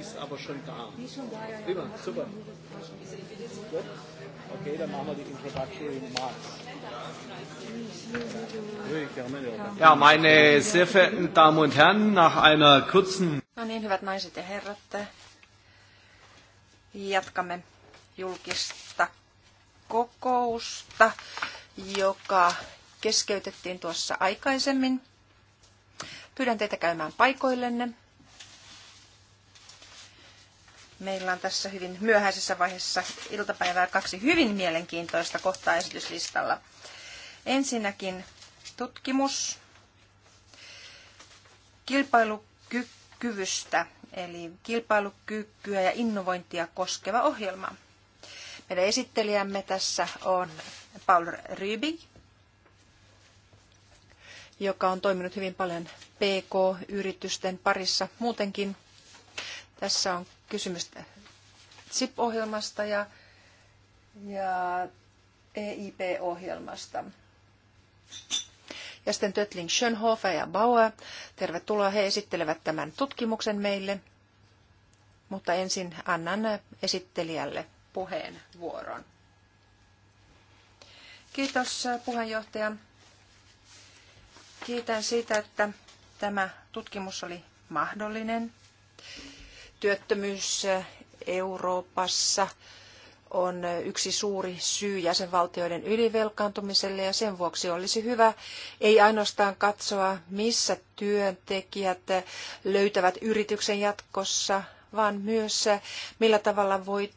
ist aber schon da. Die ist schon da, ja. Prima, super. Gut. Okay, dann machen wir die Ja, meine sehr verehrten Damen und Herren, nach einer kurzen... No niin, hyvät naiset ja herrat. Jatkamme julkista kokousta, joka keskeytettiin tuossa aikaisemmin. Pyydän teitä käymään paikoillenne. Meillä on tässä hyvin myöhäisessä vaiheessa iltapäivää kaksi hyvin mielenkiintoista kohtaa esityslistalla. Ensinnäkin tutkimus kilpailukyvystä, eli kilpailukykyä ja innovointia koskeva ohjelma. Meidän esittelijämme tässä on Paul Rübig, joka on toiminut hyvin paljon PK-yritysten parissa muutenkin. Tässä on kysymys ZIP-ohjelmasta ja, ja EIP-ohjelmasta. Ja sitten Tötling Schönhofer ja Bauer. Tervetuloa, he esittelevät tämän tutkimuksen meille. Mutta ensin annan esittelijälle puheenvuoron. Kiitos puheenjohtaja. Kiitän siitä, että tämä tutkimus oli mahdollinen. Työttömyys Euroopassa on yksi suuri syy jäsenvaltioiden ylivelkaantumiselle ja sen vuoksi olisi hyvä ei ainoastaan katsoa, missä työntekijät löytävät yrityksen jatkossa, vaan myös millä tavalla voi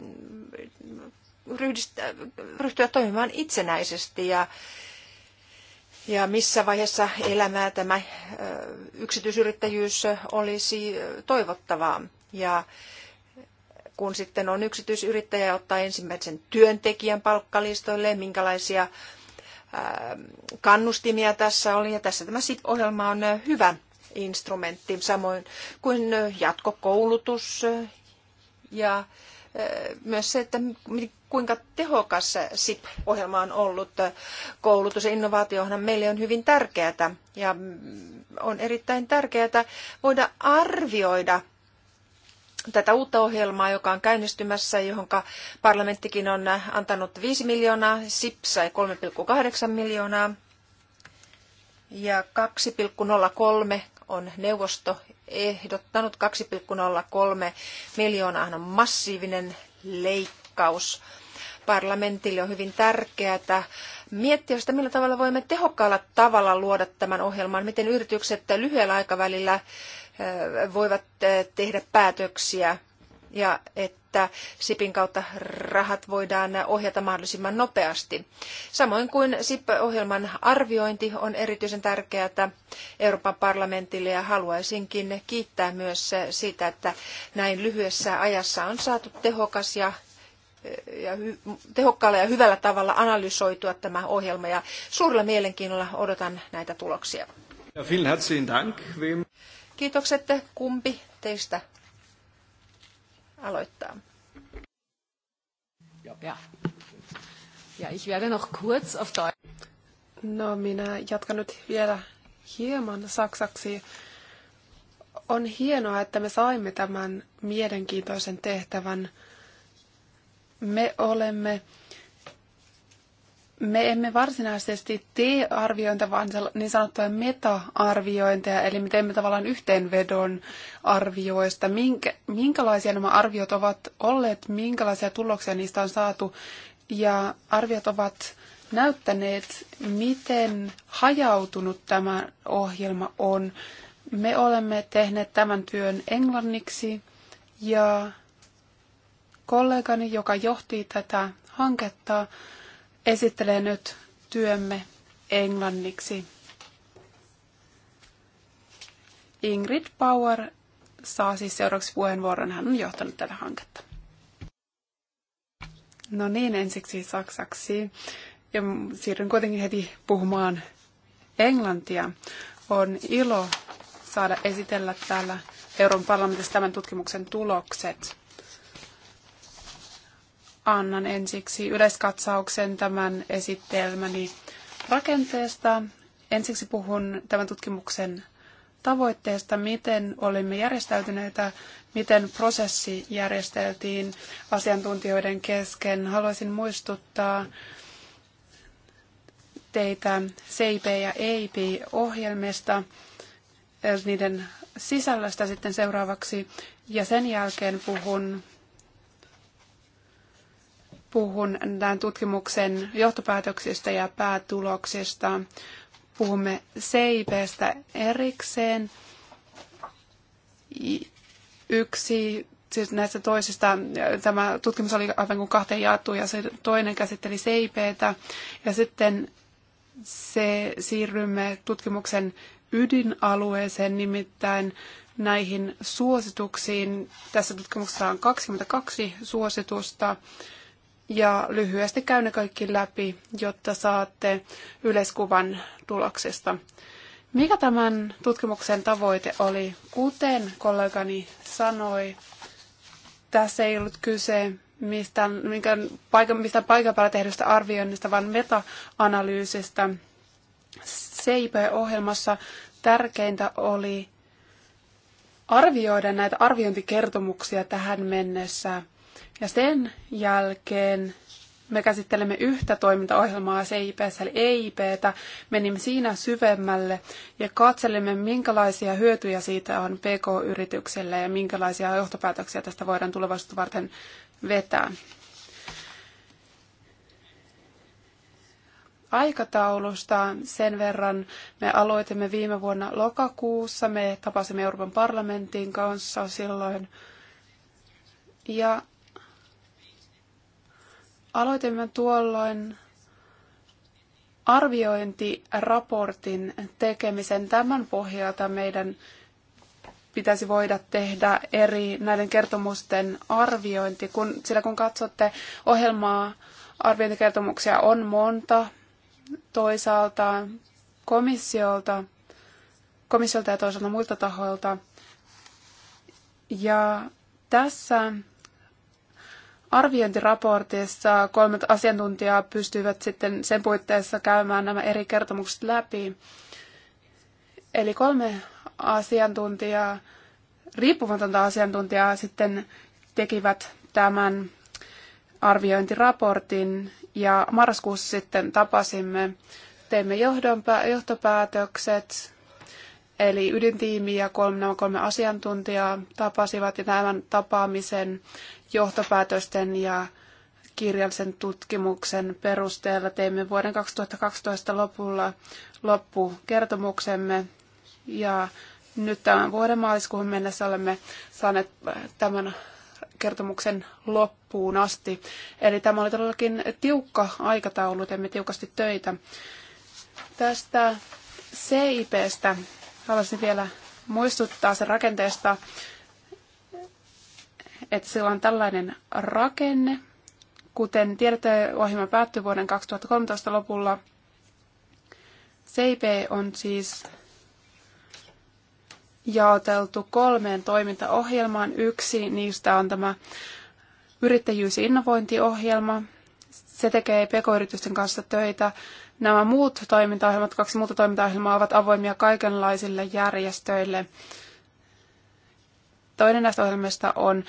ryhtyä toimimaan itsenäisesti ja ja missä vaiheessa elämää tämä yksityisyrittäjyys olisi toivottavaa. Ja kun sitten on yksityisyrittäjä ja ottaa ensimmäisen työntekijän palkkalistoille, minkälaisia kannustimia tässä oli. Ja tässä tämä SIP-ohjelma on hyvä instrumentti, samoin kuin jatkokoulutus ja myös se, että kuinka tehokas SIP-ohjelma on ollut. Koulutus ja innovaatiohan meille on hyvin tärkeää ja on erittäin tärkeää voida arvioida tätä uutta ohjelmaa, joka on käynnistymässä, johon parlamenttikin on antanut 5 miljoonaa, SIP sai 3,8 miljoonaa ja 2,03 on neuvosto ehdottanut 2,03 miljoonaa on massiivinen leikkaus. Parlamentille on hyvin tärkeää miettiä sitä, millä tavalla voimme tehokkaalla tavalla luoda tämän ohjelman, miten yritykset lyhyellä aikavälillä eh, voivat eh, tehdä päätöksiä ja että SIPin kautta rahat voidaan ohjata mahdollisimman nopeasti. Samoin kuin SIP-ohjelman arviointi on erityisen tärkeää Euroopan parlamentille ja haluaisinkin kiittää myös siitä, että näin lyhyessä ajassa on saatu tehokas ja ja tehokkaalla ja hyvällä tavalla analysoitua tämä ohjelma ja suurella mielenkiinnolla odotan näitä tuloksia. Ja vielen herzlichen Dank. Kiitokset. Kumpi teistä aloittaa. Ja. Ja, ich werde noch kurz auf No, minä jatkan nyt vielä hieman saksaksi. On hienoa, että me saimme tämän mielenkiintoisen tehtävän. Me olemme me emme varsinaisesti tee arviointia, vaan niin sanottuja meta-arviointeja, eli me teemme tavallaan yhteenvedon arvioista, minkä, minkälaisia nämä arviot ovat olleet, minkälaisia tuloksia niistä on saatu, ja arviot ovat näyttäneet, miten hajautunut tämä ohjelma on. Me olemme tehneet tämän työn englanniksi, ja kollegani, joka johti tätä hanketta, esittelee nyt työmme englanniksi. Ingrid Power saa siis seuraavaksi puheenvuoron. Hän on johtanut tätä hanketta. No niin, ensiksi saksaksi. Ja siirryn kuitenkin heti puhumaan englantia. On ilo saada esitellä täällä Euroopan parlamentissa tämän tutkimuksen tulokset annan ensiksi yleiskatsauksen tämän esittelmäni rakenteesta. Ensiksi puhun tämän tutkimuksen tavoitteesta, miten olimme järjestäytyneitä, miten prosessi järjesteltiin asiantuntijoiden kesken. Haluaisin muistuttaa teitä CIP ja EIP-ohjelmista, niiden sisällöstä sitten seuraavaksi, ja sen jälkeen puhun puhun tämän tutkimuksen johtopäätöksistä ja päätuloksista. Puhumme CIPstä erikseen. Yksi siis näistä toisista, tämä tutkimus oli aivan kuin kahteen jaettu ja se toinen käsitteli CIPtä ja sitten se siirrymme tutkimuksen ydinalueeseen, nimittäin näihin suosituksiin. Tässä tutkimuksessa on 22 suositusta ja lyhyesti käyn ne kaikki läpi, jotta saatte yleiskuvan tuloksesta. Mikä tämän tutkimuksen tavoite oli? Kuten kollegani sanoi, tässä ei ollut kyse mistään, minkään paikan, mistään paikan päällä tehdystä arvioinnista, vaan meta-analyysistä. CIP-ohjelmassa tärkeintä oli arvioida näitä arviointikertomuksia tähän mennessä – ja sen jälkeen me käsittelemme yhtä toimintaohjelmaa CIPS, eli EIPtä, menimme siinä syvemmälle ja katselimme, minkälaisia hyötyjä siitä on PK-yritykselle ja minkälaisia johtopäätöksiä tästä voidaan tulevaisuutta varten vetää. Aikataulusta sen verran me aloitimme viime vuonna lokakuussa. Me tapasimme Euroopan parlamentin kanssa silloin. Ja Aloitimme tuolloin arviointiraportin tekemisen. Tämän pohjalta meidän pitäisi voida tehdä eri näiden kertomusten arviointi, kun, sillä kun katsotte ohjelmaa, arviointikertomuksia on monta toisaalta komissiolta, komissiolta ja toisaalta muilta tahoilta. Ja tässä arviointiraportissa kolme asiantuntijaa pystyivät sitten sen puitteissa käymään nämä eri kertomukset läpi. Eli kolme asiantuntijaa, riippumatonta asiantuntijaa sitten tekivät tämän arviointiraportin ja marraskuussa sitten tapasimme, teimme johtopäätökset Eli ydintiimi ja kolme, nämä kolme asiantuntijaa tapasivat ja tämän tapaamisen johtopäätösten ja kirjallisen tutkimuksen perusteella teimme vuoden 2012 lopulla loppukertomuksemme ja nyt tämän vuoden maaliskuun mennessä olemme saaneet tämän kertomuksen loppuun asti. Eli tämä oli todellakin tiukka aikataulu, teimme tiukasti töitä. Tästä CIPstä Haluaisin vielä muistuttaa sen rakenteesta, että sillä on tällainen rakenne. Kuten tiedätte, ohjelma päättyi vuoden 2013 lopulla. CIP on siis jaoteltu kolmeen toimintaohjelmaan. Yksi niistä on tämä yrittäjyys- ja innovointiohjelma. Se tekee pk-yritysten kanssa töitä Nämä muut toimintaohjelmat, kaksi muuta toimintaohjelmaa ovat avoimia kaikenlaisille järjestöille. Toinen näistä ohjelmista on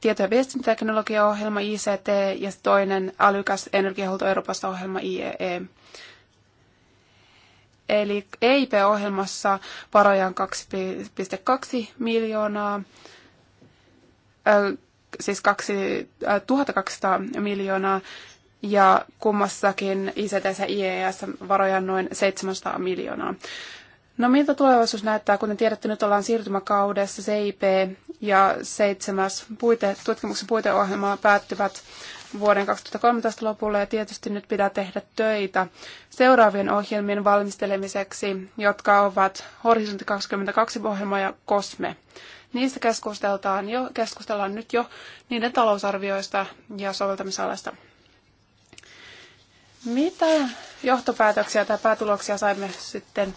tieto- ja viestintäteknologiaohjelma ICT ja toinen älykäs energiahuolto Euroopassa ohjelma IEE. E. Eli EIP-ohjelmassa varoja on 2,2 miljoonaa, siis 2200 miljoonaa ja kummassakin ICTS ja IES varoja noin 700 miljoonaa. No miltä tulevaisuus näyttää? Kuten tiedätte, nyt ollaan siirtymäkaudessa CIP ja seitsemäs puite, tutkimuksen puiteohjelma päättyvät vuoden 2013 lopulla ja tietysti nyt pitää tehdä töitä seuraavien ohjelmien valmistelemiseksi, jotka ovat Horisontti 22 ohjelma ja COSME. Niistä keskustellaan, jo, keskustellaan nyt jo niiden talousarvioista ja soveltamisalasta. Mitä johtopäätöksiä tai päätuloksia saimme sitten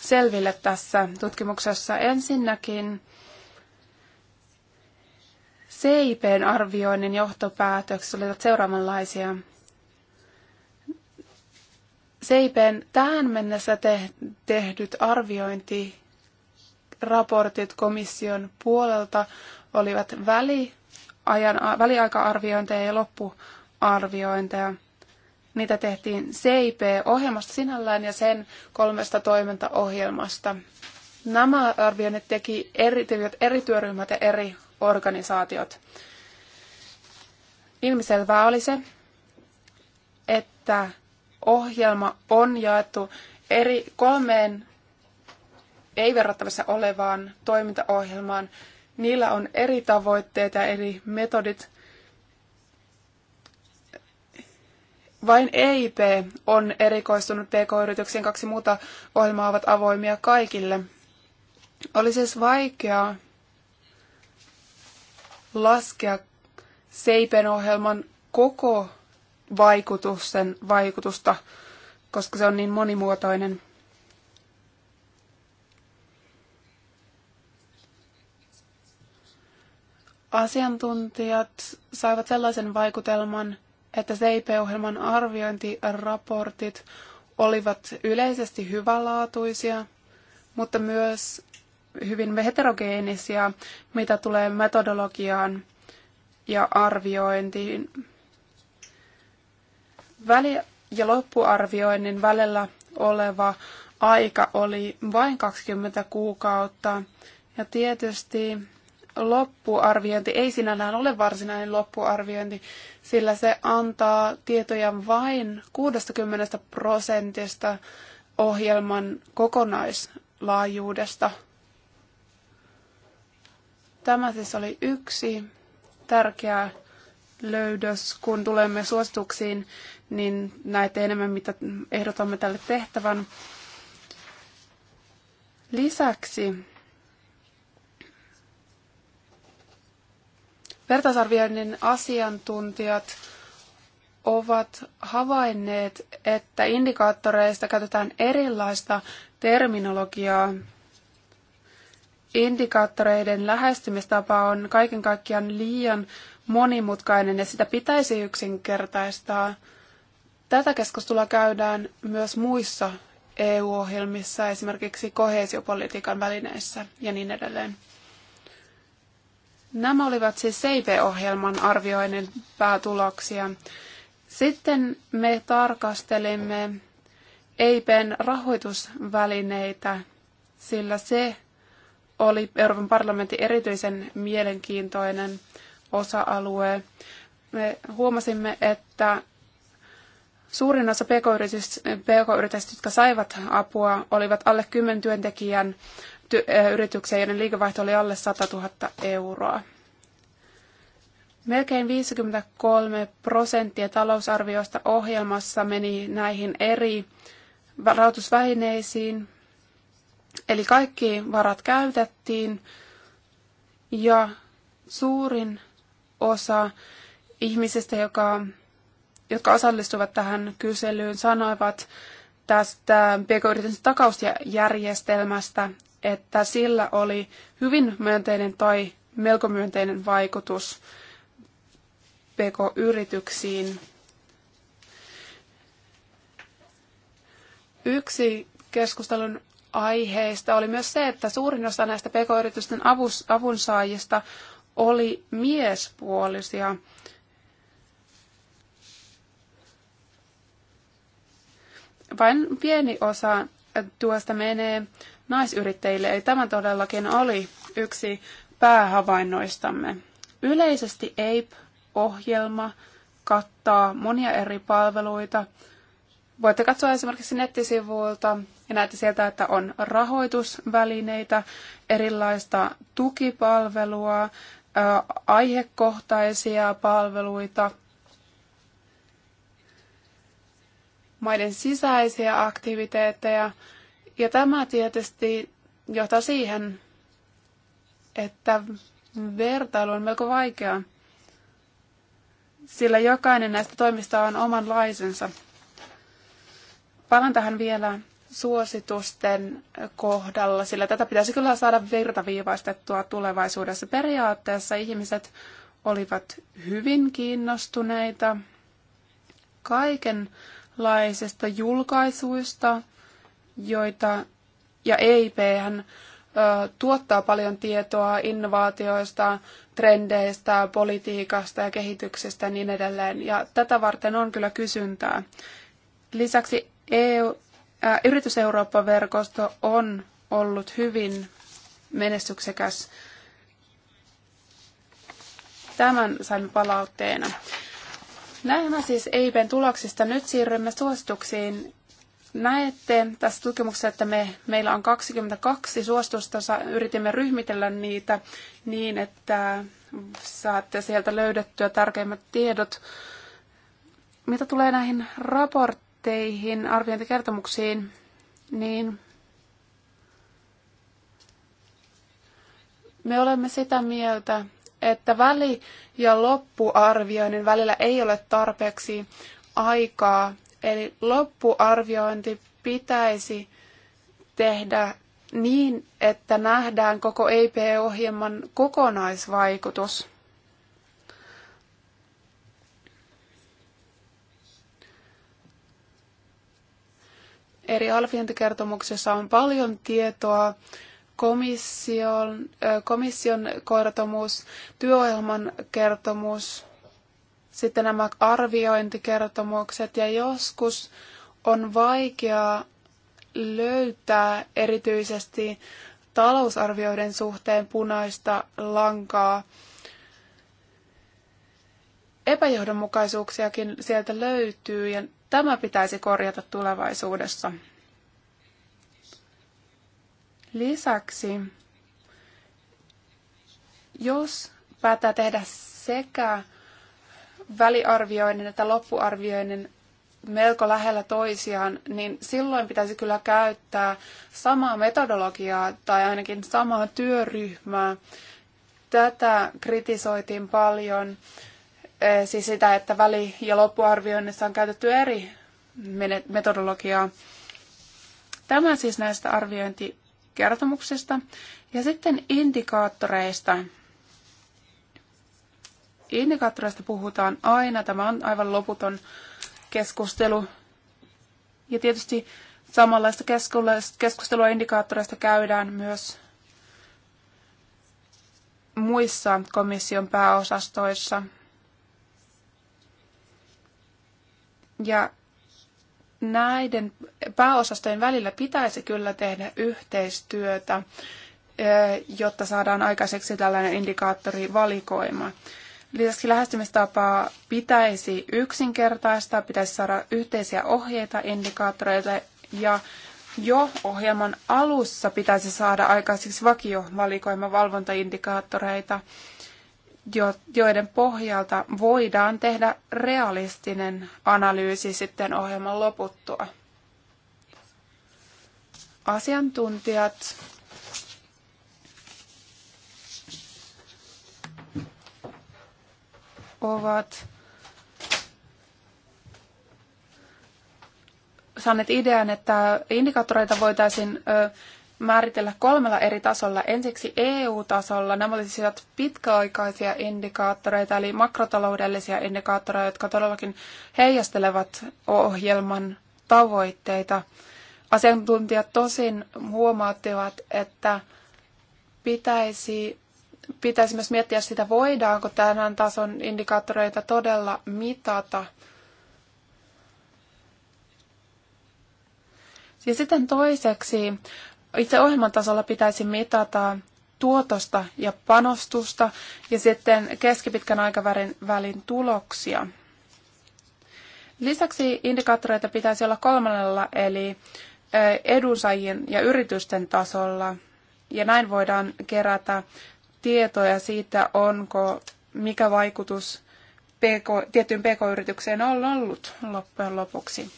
selville tässä tutkimuksessa? Ensinnäkin CIPn arvioinnin johtopäätökset olivat seuraavanlaisia. CIPn tähän mennessä te- tehdyt arviointiraportit komission puolelta olivat väliajan, väliaika-arviointeja ja loppuarviointeja. Niitä tehtiin CIP-ohjelmasta sinällään ja sen kolmesta toimintaohjelmasta. Nämä arvioinnit teki eri, eri työryhmät ja eri organisaatiot. Ilmiselvää oli se, että ohjelma on jaettu eri kolmeen ei-verrattavissa olevaan toimintaohjelmaan. Niillä on eri tavoitteet ja eri metodit, Vain EIP on erikoistunut PK-yrityksiin, kaksi muuta ohjelmaa ovat avoimia kaikille. Oli siis vaikeaa laskea Seipen ohjelman koko vaikutusten vaikutusta, koska se on niin monimuotoinen. Asiantuntijat saivat sellaisen vaikutelman, että CIP-ohjelman arviointiraportit olivat yleisesti hyvälaatuisia, mutta myös hyvin heterogeenisia, mitä tulee metodologiaan ja arviointiin. Väli- ja loppuarvioinnin välillä oleva aika oli vain 20 kuukautta. Ja tietysti loppuarviointi ei sinällään ole varsinainen loppuarviointi, sillä se antaa tietoja vain 60 prosentista ohjelman kokonaislaajuudesta. Tämä siis oli yksi tärkeä löydös. Kun tulemme suosituksiin, niin näitä enemmän, mitä ehdotamme tälle tehtävän. Lisäksi Vertaisarvioinnin asiantuntijat ovat havainneet, että indikaattoreista käytetään erilaista terminologiaa. Indikaattoreiden lähestymistapa on kaiken kaikkiaan liian monimutkainen ja sitä pitäisi yksinkertaistaa. Tätä keskustelua käydään myös muissa EU-ohjelmissa, esimerkiksi koheesiopolitiikan välineissä ja niin edelleen. Nämä olivat siis cip ohjelman arvioinnin päätuloksia. Sitten me tarkastelimme EIPen rahoitusvälineitä, sillä se oli Euroopan parlamentin erityisen mielenkiintoinen osa-alue. Me huomasimme, että suurin osa pk-yrityksistä, pk jotka saivat apua, olivat alle 10 työntekijän Eh, yritykseen, joiden liikevaihto oli alle 100 000 euroa. Melkein 53 prosenttia talousarviosta ohjelmassa meni näihin eri rahoitusvälineisiin, eli kaikki varat käytettiin ja suurin osa ihmisistä, joka, jotka osallistuvat tähän kyselyyn, sanoivat tästä pk takausjärjestelmästä, että sillä oli hyvin myönteinen tai melko myönteinen vaikutus PK-yrityksiin. Yksi keskustelun aiheista oli myös se, että suurin osa näistä PK-yritysten avunsaajista oli miespuolisia. Vain pieni osa tuosta menee naisyrittäjille. Eli tämä todellakin oli yksi päähavainnoistamme. Yleisesti APE-ohjelma kattaa monia eri palveluita. Voitte katsoa esimerkiksi nettisivuilta ja näette sieltä, että on rahoitusvälineitä, erilaista tukipalvelua, aihekohtaisia palveluita, maiden sisäisiä aktiviteetteja, ja tämä tietysti johtaa siihen, että vertailu on melko vaikeaa, sillä jokainen näistä toimista on omanlaisensa. Palan tähän vielä suositusten kohdalla, sillä tätä pitäisi kyllä saada virtaviivaistettua tulevaisuudessa. Periaatteessa ihmiset olivat hyvin kiinnostuneita kaikenlaisista julkaisuista, joita, ja EIP tuottaa paljon tietoa innovaatioista, trendeistä, politiikasta ja kehityksestä ja niin edelleen. Ja tätä varten on kyllä kysyntää. Lisäksi EU, ää, Yritys Eurooppa-verkosto on ollut hyvin menestyksekäs tämän saimme palautteena. Näemme siis EIPen tuloksista nyt siirrymme suosituksiin Näette tässä tutkimuksessa, että me, meillä on 22 suostusta, yritimme ryhmitellä niitä niin, että saatte sieltä löydettyä tarkemmat tiedot. Mitä tulee näihin raportteihin, arviointikertomuksiin, niin me olemme sitä mieltä, että väli- ja loppuarvioinnin välillä ei ole tarpeeksi aikaa Eli loppuarviointi pitäisi tehdä niin, että nähdään koko EIP-ohjelman kokonaisvaikutus. Eri alviointikertomuksessa on paljon tietoa komission, komission kertomus, työohjelman kertomus sitten nämä arviointikertomukset ja joskus on vaikea löytää erityisesti talousarvioiden suhteen punaista lankaa. Epäjohdonmukaisuuksiakin sieltä löytyy ja tämä pitäisi korjata tulevaisuudessa. Lisäksi, jos päättää tehdä sekä väliarvioinnin että loppuarvioinnin melko lähellä toisiaan, niin silloin pitäisi kyllä käyttää samaa metodologiaa tai ainakin samaa työryhmää. Tätä kritisoitiin paljon, eh, siis sitä, että väli- ja loppuarvioinnissa on käytetty eri metodologiaa. Tämä siis näistä arviointikertomuksista. Ja sitten indikaattoreista, indikaattoreista puhutaan aina. Tämä on aivan loputon keskustelu. Ja tietysti samanlaista keskustelua indikaattoreista käydään myös muissa komission pääosastoissa. Ja näiden pääosastojen välillä pitäisi kyllä tehdä yhteistyötä, eh, jotta saadaan aikaiseksi tällainen indikaattorivalikoima. valikoima Lisäksi lähestymistapaa pitäisi yksinkertaistaa, pitäisi saada yhteisiä ohjeita, indikaattoreita ja jo ohjelman alussa pitäisi saada aikaiseksi vakiovalikoima valvontaindikaattoreita, joiden pohjalta voidaan tehdä realistinen analyysi sitten ohjelman loputtua. Asiantuntijat ovat saaneet idean, että indikaattoreita voitaisiin määritellä kolmella eri tasolla. Ensiksi EU-tasolla nämä olisivat siis pitkäaikaisia indikaattoreita, eli makrotaloudellisia indikaattoreita, jotka todellakin heijastelevat ohjelman tavoitteita. Asiantuntijat tosin huomauttivat, että pitäisi pitäisi myös miettiä sitä, voidaanko tämän tason indikaattoreita todella mitata. Ja sitten toiseksi, itse ohjelman tasolla pitäisi mitata tuotosta ja panostusta ja sitten keskipitkän aikavälin välin tuloksia. Lisäksi indikaattoreita pitäisi olla kolmannella eli eh, edunsaajien ja yritysten tasolla ja näin voidaan kerätä tietoja siitä, onko, mikä vaikutus PK, tiettyyn pk-yritykseen on ollut loppujen lopuksi.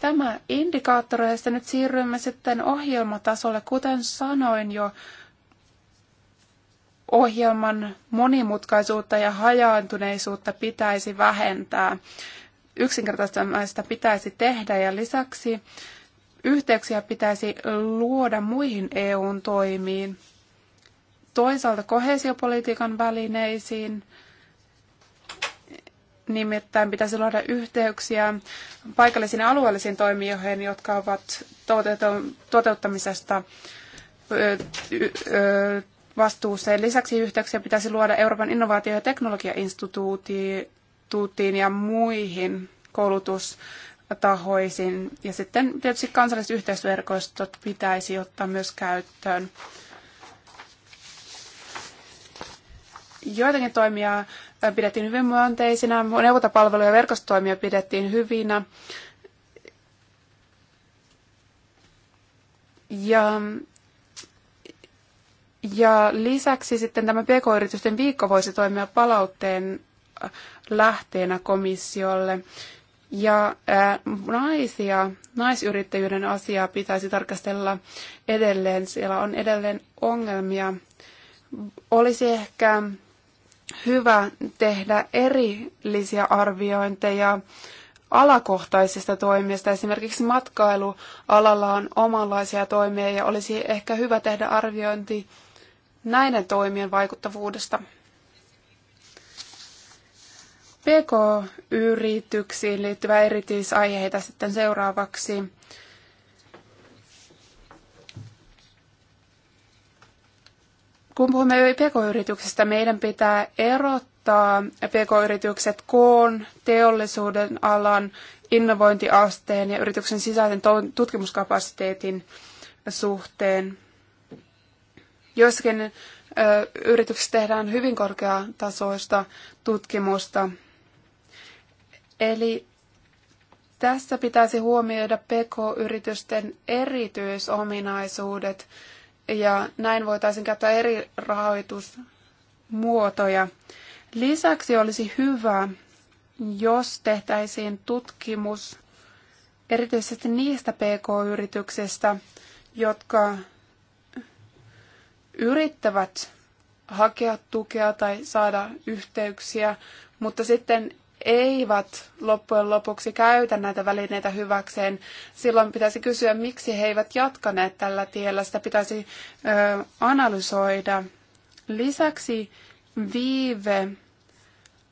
Tämä indikaattoreista nyt siirrymme sitten ohjelmatasolle. Kuten sanoin jo, ohjelman monimutkaisuutta ja hajaantuneisuutta pitäisi vähentää. Yksinkertaistamista pitäisi tehdä ja lisäksi yhteyksiä pitäisi luoda muihin eu toimiin toisaalta kohesiopolitiikan välineisiin, nimittäin pitäisi luoda yhteyksiä paikallisiin ja alueellisiin toimijoihin, jotka ovat toteuttamisesta vastuuseen. Lisäksi yhteyksiä pitäisi luoda Euroopan innovaatio- ja teknologiainstituuttiin ja muihin koulutustahoisiin. Ja sitten tietysti kansalliset yhteisverkostot pitäisi ottaa myös käyttöön. joitakin toimia äh, pidettiin hyvin myönteisinä, neuvontapalveluja ja verkostotoimia pidettiin hyvinä. Ja, ja lisäksi sitten tämä PK-yritysten viikko voisi toimia palautteen äh, lähteenä komissiolle. Ja ää, äh, naisia, naisyrittäjyyden asiaa pitäisi tarkastella edelleen. Siellä on edelleen ongelmia. Olisi ehkä hyvä tehdä erillisiä arviointeja alakohtaisista toimista. Esimerkiksi matkailualalla on omanlaisia toimia ja olisi ehkä hyvä tehdä arviointi näiden toimien vaikuttavuudesta. PK-yrityksiin liittyvä erityisaiheita sitten seuraavaksi. kun puhumme pk-yrityksistä, meidän pitää erottaa pk-yritykset koon, teollisuuden alan, innovointiasteen ja yrityksen sisäisen tutkimuskapasiteetin suhteen. Joissakin yrityksissä tehdään hyvin korkeatasoista tutkimusta. Eli tässä pitäisi huomioida pk-yritysten erityisominaisuudet ja näin voitaisiin käyttää eri rahoitusmuotoja. Lisäksi olisi hyvä, jos tehtäisiin tutkimus erityisesti niistä pk-yrityksistä, jotka yrittävät hakea tukea tai saada yhteyksiä, mutta sitten eivät loppujen lopuksi käytä näitä välineitä hyväkseen, silloin pitäisi kysyä, miksi he eivät jatkaneet tällä tiellä. Sitä pitäisi ö, analysoida. Lisäksi viive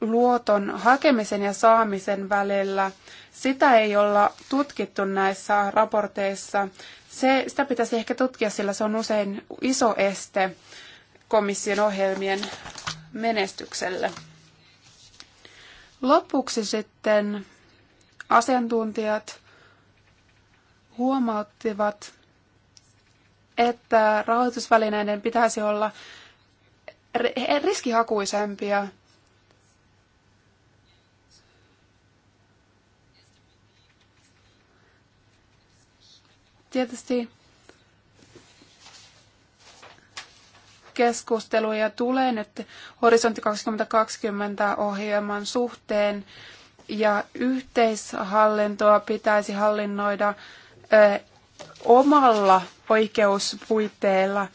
luoton hakemisen ja saamisen välillä, sitä ei olla tutkittu näissä raporteissa. Se, sitä pitäisi ehkä tutkia, sillä se on usein iso este komission ohjelmien menestykselle. Lopuksi sitten asiantuntijat huomauttivat, että rahoitusvälineiden pitäisi olla riskihakuisempia. Tietysti keskusteluja tulee nyt Horisontti 2020 ohjelman suhteen ja yhteishallintoa pitäisi hallinnoida omalla oikeuspuitteella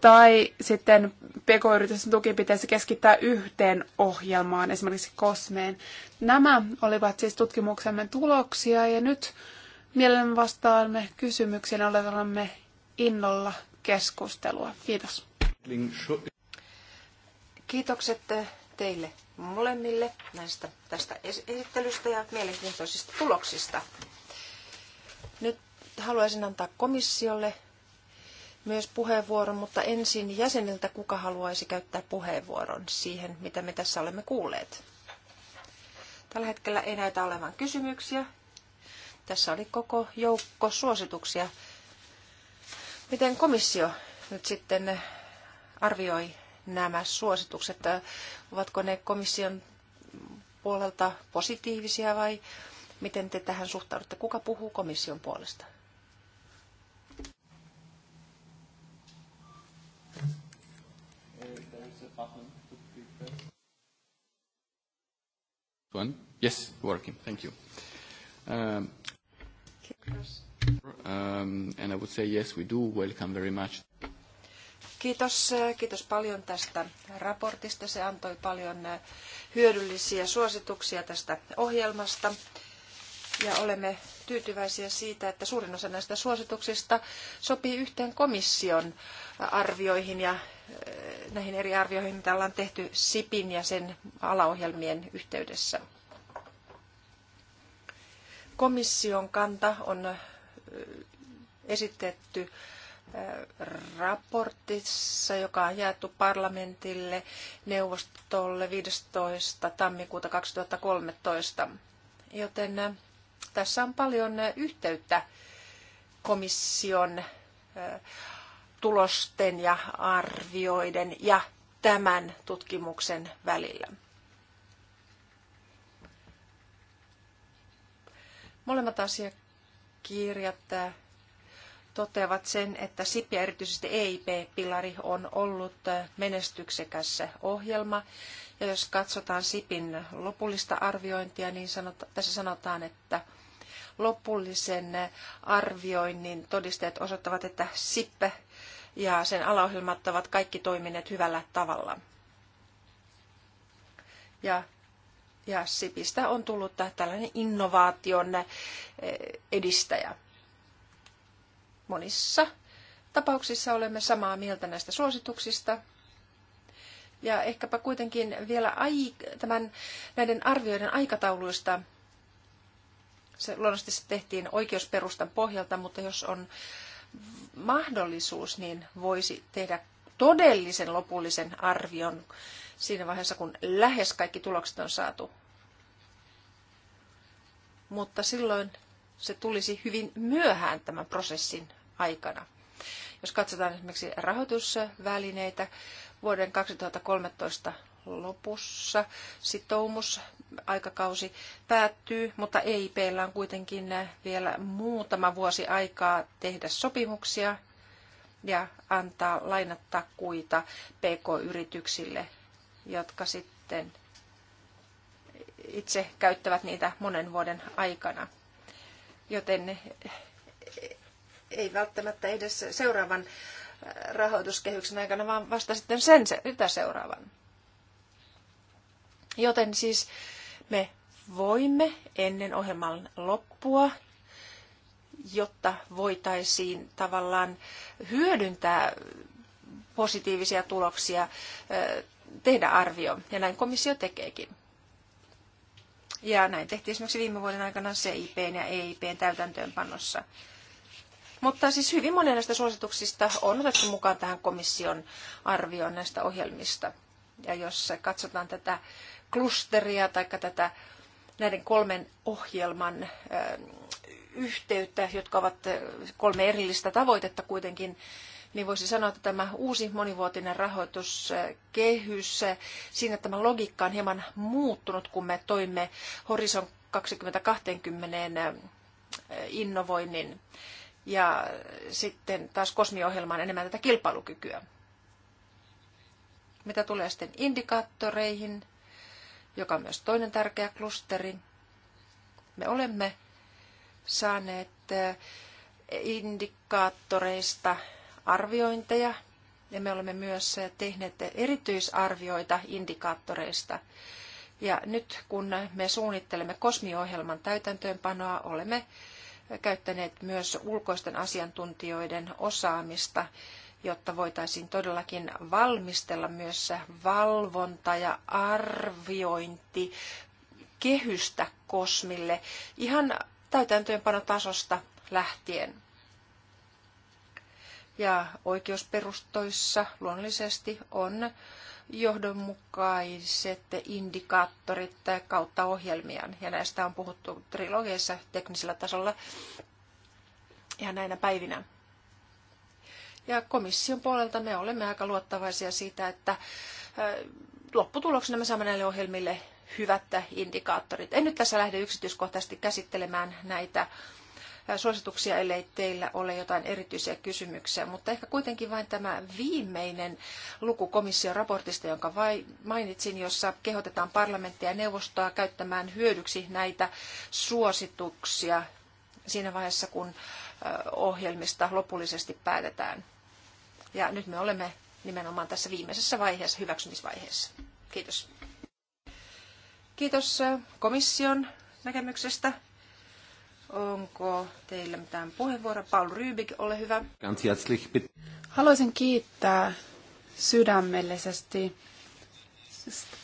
tai sitten pk-yritysten tuki pitäisi keskittää yhteen ohjelmaan, esimerkiksi Kosmeen. Nämä olivat siis tutkimuksemme tuloksia ja nyt mielen vastaamme kysymyksiin olemme innolla keskustelua. Kiitos. Kiitokset teille molemmille näistä tästä esittelystä ja mielenkiintoisista tuloksista. Nyt haluaisin antaa komissiolle myös puheenvuoron, mutta ensin jäseniltä, kuka haluaisi käyttää puheenvuoron siihen, mitä me tässä olemme kuulleet. Tällä hetkellä ei näytä olevan kysymyksiä. Tässä oli koko joukko suosituksia. Miten komissio nyt sitten arvioi nämä suositukset? Ovatko ne komission puolelta positiivisia vai miten te tähän suhtaudutte? Kuka puhuu komission puolesta? One. Yes, working. Thank you. Um, um, and I would say yes, we do welcome very much. Kiitos, kiitos paljon tästä raportista. Se antoi paljon hyödyllisiä suosituksia tästä ohjelmasta. Ja olemme tyytyväisiä siitä, että suurin osa näistä suosituksista sopii yhteen komission arvioihin ja eh, näihin eri arvioihin, mitä ollaan tehty SIPin ja sen alaohjelmien yhteydessä. Komission kanta on eh, esitetty raportissa, joka on jaettu parlamentille neuvostolle 15. tammikuuta 2013. Joten äh, tässä on paljon äh, yhteyttä komission äh, tulosten ja arvioiden ja tämän tutkimuksen välillä. Molemmat asiakirjat toteavat sen, että SIP ja erityisesti EIP-pilari on ollut menestyksekäs ohjelma. Ja jos katsotaan SIPin lopullista arviointia, niin sanota, tässä sanotaan, että lopullisen arvioinnin todisteet osoittavat, että SIP ja sen alaohjelmat ovat kaikki toimineet hyvällä tavalla. Ja, ja SIPistä on tullut tällainen innovaation edistäjä monissa tapauksissa olemme samaa mieltä näistä suosituksista. Ja ehkäpä kuitenkin vielä ai, tämän, näiden arvioiden aikatauluista, se luonnollisesti se tehtiin oikeusperustan pohjalta, mutta jos on mahdollisuus, niin voisi tehdä todellisen lopullisen arvion siinä vaiheessa, kun lähes kaikki tulokset on saatu. Mutta silloin se tulisi hyvin myöhään tämän prosessin aikana. Jos katsotaan esimerkiksi rahoitusvälineitä, vuoden 2013 lopussa sitoumus aikakausi päättyy, mutta EIPllä on kuitenkin vielä muutama vuosi aikaa tehdä sopimuksia ja antaa lainatakuita PK-yrityksille, jotka sitten itse käyttävät niitä monen vuoden aikana joten ei välttämättä edes seuraavan äh, rahoituskehyksen aikana, vaan vasta sitten sen sitä seuraavan. Joten siis me voimme ennen ohjelman loppua, jotta voitaisiin tavallaan hyödyntää positiivisia tuloksia, äh, tehdä arvio. Ja näin komissio tekeekin. Ja näin tehtiin esimerkiksi viime vuoden aikana CIP ja EIP täytäntöönpanossa. Mutta siis hyvin monia näistä suosituksista on otettu mukaan tähän komission arvioon näistä ohjelmista. Ja jos katsotaan tätä klusteria tai tätä näiden kolmen ohjelman yhteyttä, jotka ovat kolme erillistä tavoitetta kuitenkin, niin voisi sanoa, että tämä uusi monivuotinen rahoituskehys, siinä tämä logiikka on hieman muuttunut, kun me toimme Horizon 2020 eh, innovoinnin ja sitten taas kosmiohjelmaan enemmän tätä kilpailukykyä. Mitä tulee sitten indikaattoreihin, joka on myös toinen tärkeä klusteri, me olemme saaneet eh, indikaattoreista arviointeja ja me olemme myös tehneet erityisarvioita indikaattoreista. Ja nyt kun me suunnittelemme kosmiohjelman täytäntöönpanoa, olemme käyttäneet myös ulkoisten asiantuntijoiden osaamista, jotta voitaisiin todellakin valmistella myös valvonta ja arviointi kehystä kosmille ihan täytäntöönpanotasosta lähtien ja oikeusperustoissa luonnollisesti on johdonmukaiset indikaattorit kautta ohjelmien. Ja näistä on puhuttu trilogiassa teknisellä tasolla ihan näinä päivinä. Ja komission puolelta me olemme aika luottavaisia siitä, että lopputuloksena me saamme näille ohjelmille hyvät indikaattorit. En nyt tässä lähde yksityiskohtaisesti käsittelemään näitä suosituksia, ellei teillä ole jotain erityisiä kysymyksiä. Mutta ehkä kuitenkin vain tämä viimeinen luku komission raportista, jonka vai mainitsin, jossa kehotetaan parlamenttia ja neuvostoa käyttämään hyödyksi näitä suosituksia siinä vaiheessa, kun ohjelmista lopullisesti päätetään. Ja nyt me olemme nimenomaan tässä viimeisessä vaiheessa, hyväksymisvaiheessa. Kiitos. Kiitos komission näkemyksestä. Onko teillä mitään puheenvuoroa? Paul Rybik, ole hyvä. Haluaisin kiittää sydämellisesti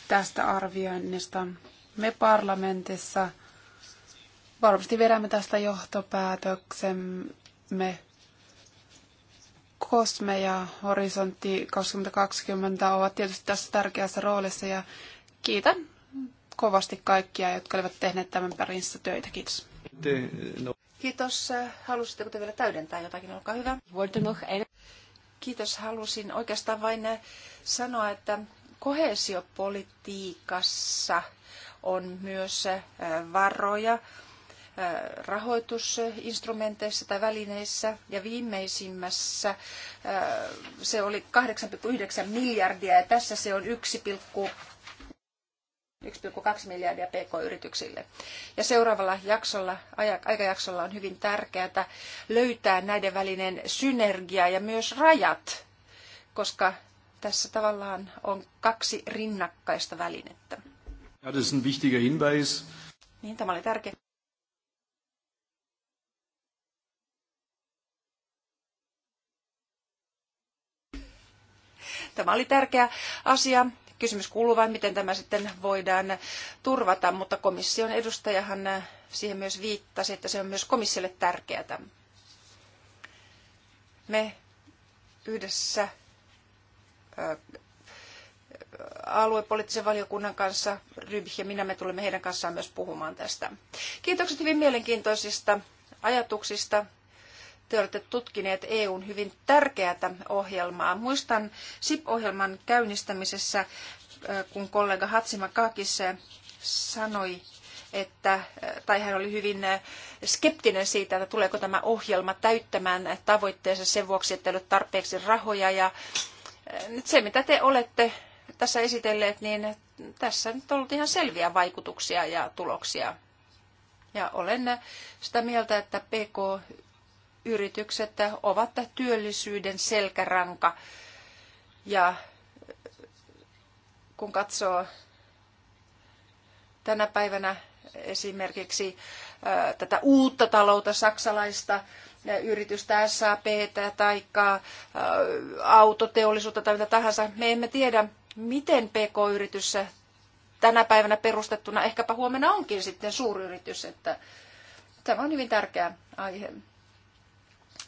tästä arvioinnista. Me parlamentissa varmasti vedämme tästä johtopäätöksemme. Kosme ja Horisontti 2020 ovat tietysti tässä tärkeässä roolissa ja kiitän kovasti kaikkia, jotka olivat tehneet tämän parissa töitä. Kiitos. No. Kiitos. Halusitteko te vielä täydentää jotakin? Olkaa hyvä. Kiitos. Halusin oikeastaan vain eh, sanoa, että kohesiopolitiikassa on myös eh, varoja eh, rahoitusinstrumenteissa tai välineissä ja viimeisimmässä se oli 8,9 miljardia ja tässä se on 1,3 1,2 miljardia pk-yrityksille. Ja seuraavalla jaksolla, aikajaksolla on hyvin tärkeää löytää näiden välinen synergia ja myös rajat, koska tässä tavallaan on kaksi rinnakkaista välinettä. Ja, das ist ein wichtiger Hinweis. Niin, tämä oli tärkeä. Tämä oli tärkeä asia kysymys kuuluu vain, miten tämä sitten voidaan turvata, mutta komission edustajahan siihen myös viittasi, että se on myös komissiolle tärkeää. Me yhdessä aluepoliittisen valiokunnan kanssa, Ryb ja minä, me tulemme heidän kanssaan myös puhumaan tästä. Kiitokset hyvin mielenkiintoisista ajatuksista te olette tutkineet EUn hyvin tärkeätä ohjelmaa. Muistan SIP-ohjelman käynnistämisessä, kun kollega Hatzimakakis sanoi, että, tai hän oli hyvin skeptinen siitä, että tuleeko tämä ohjelma täyttämään tavoitteensa sen vuoksi, että ei ole tarpeeksi rahoja. Ja nyt se, mitä te olette tässä esitelleet, niin tässä on ollut ihan selviä vaikutuksia ja tuloksia. Ja olen sitä mieltä, että PK yritykset ovat työllisyyden selkäranka. Ja kun katsoo tänä päivänä esimerkiksi äh, tätä uutta taloutta, saksalaista äh, yritystä SAP tai äh, autoteollisuutta tai mitä tahansa, me emme tiedä, miten PK-yritys tänä päivänä perustettuna ehkäpä huomenna onkin sitten suuryritys. Että tämä on hyvin tärkeä aihe.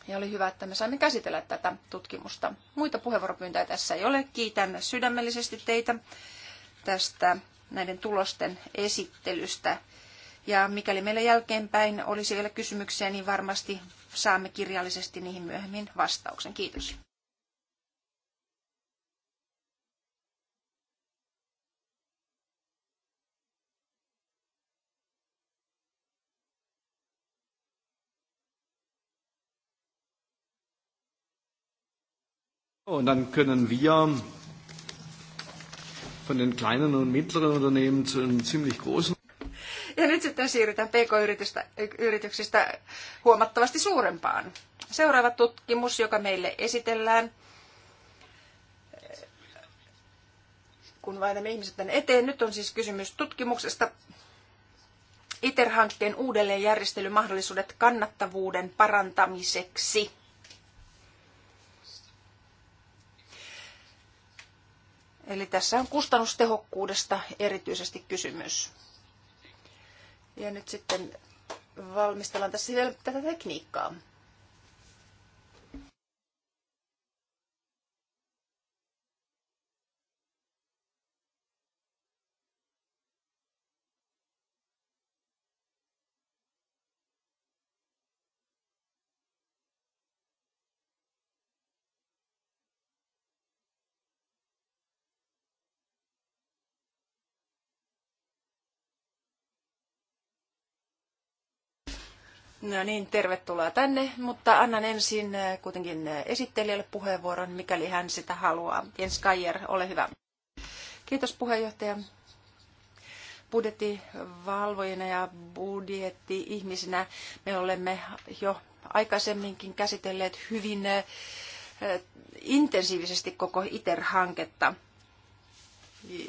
Ja oli hyvä, että me saimme käsitellä tätä tutkimusta. Muita puheenvuoropyyntöjä tässä ei ole. Kiitän sydämellisesti teitä tästä näiden tulosten esittelystä. Ja mikäli meillä jälkeenpäin olisi vielä kysymyksiä, niin varmasti saamme kirjallisesti niihin myöhemmin vastauksen. Kiitos. Und dann können wir von den kleinen und mittleren Unternehmen zu einem ziemlich großen. Ja nyt sitten siirrytään PK-yrityksistä huomattavasti suurempaan. Seuraava tutkimus, joka meille esitellään, kun vaihdamme ihmiset tänne eteen. Nyt on siis kysymys tutkimuksesta. ITER-hankkeen uudelleenjärjestelymahdollisuudet kannattavuuden parantamiseksi. Eli tässä on kustannustehokkuudesta erityisesti kysymys. Ja nyt sitten valmistellaan tässä vielä tätä tekniikkaa. No niin, tervetuloa tänne, mutta annan ensin äh, kuitenkin äh, esittelijälle puheenvuoron, mikäli hän sitä haluaa. Jens Kajer, ole hyvä. Kiitos puheenjohtaja. Budjettivalvojina ja budjetti-ihmisinä me olemme jo aikaisemminkin käsitelleet hyvin äh, intensiivisesti koko ITER-hanketta,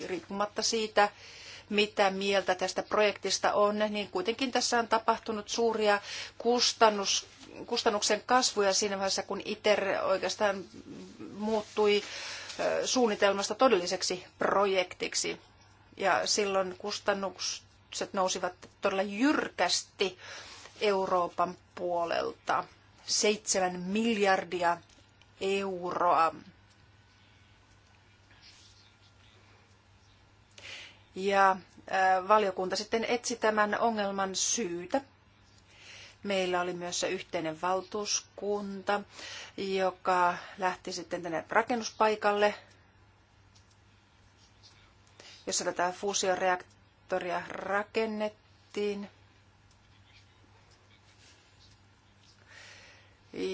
riippumatta siitä, mitä mieltä tästä projektista on, niin kuitenkin tässä on tapahtunut suuria kustannus, kustannuksen kasvuja siinä vaiheessa, kun ITER oikeastaan muuttui suunnitelmasta todelliseksi projektiksi. Ja silloin kustannukset nousivat todella jyrkästi Euroopan puolelta. Seitsemän miljardia euroa ja valiokunta sitten etsi tämän ongelman syytä. Meillä oli myös yhteinen valtuuskunta, joka lähti sitten tänne rakennuspaikalle, jossa tätä fuusioreaktoria rakennettiin.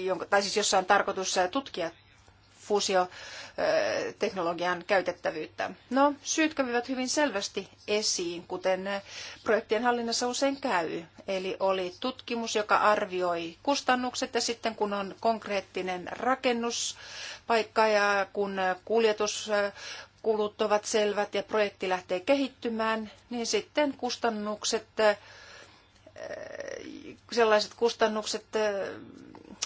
jonka, tai siis jossa on tarkoitus tutkia fuusioteknologian käytettävyyttä. No, syyt kävivät hyvin selvästi esiin, kuten projektien hallinnassa usein käy. Eli oli tutkimus, joka arvioi kustannukset ja sitten kun on konkreettinen rakennuspaikka ja kun kuljetus kulut ovat selvät ja projekti lähtee kehittymään, niin sitten kustannukset, eh, sellaiset kustannukset eh,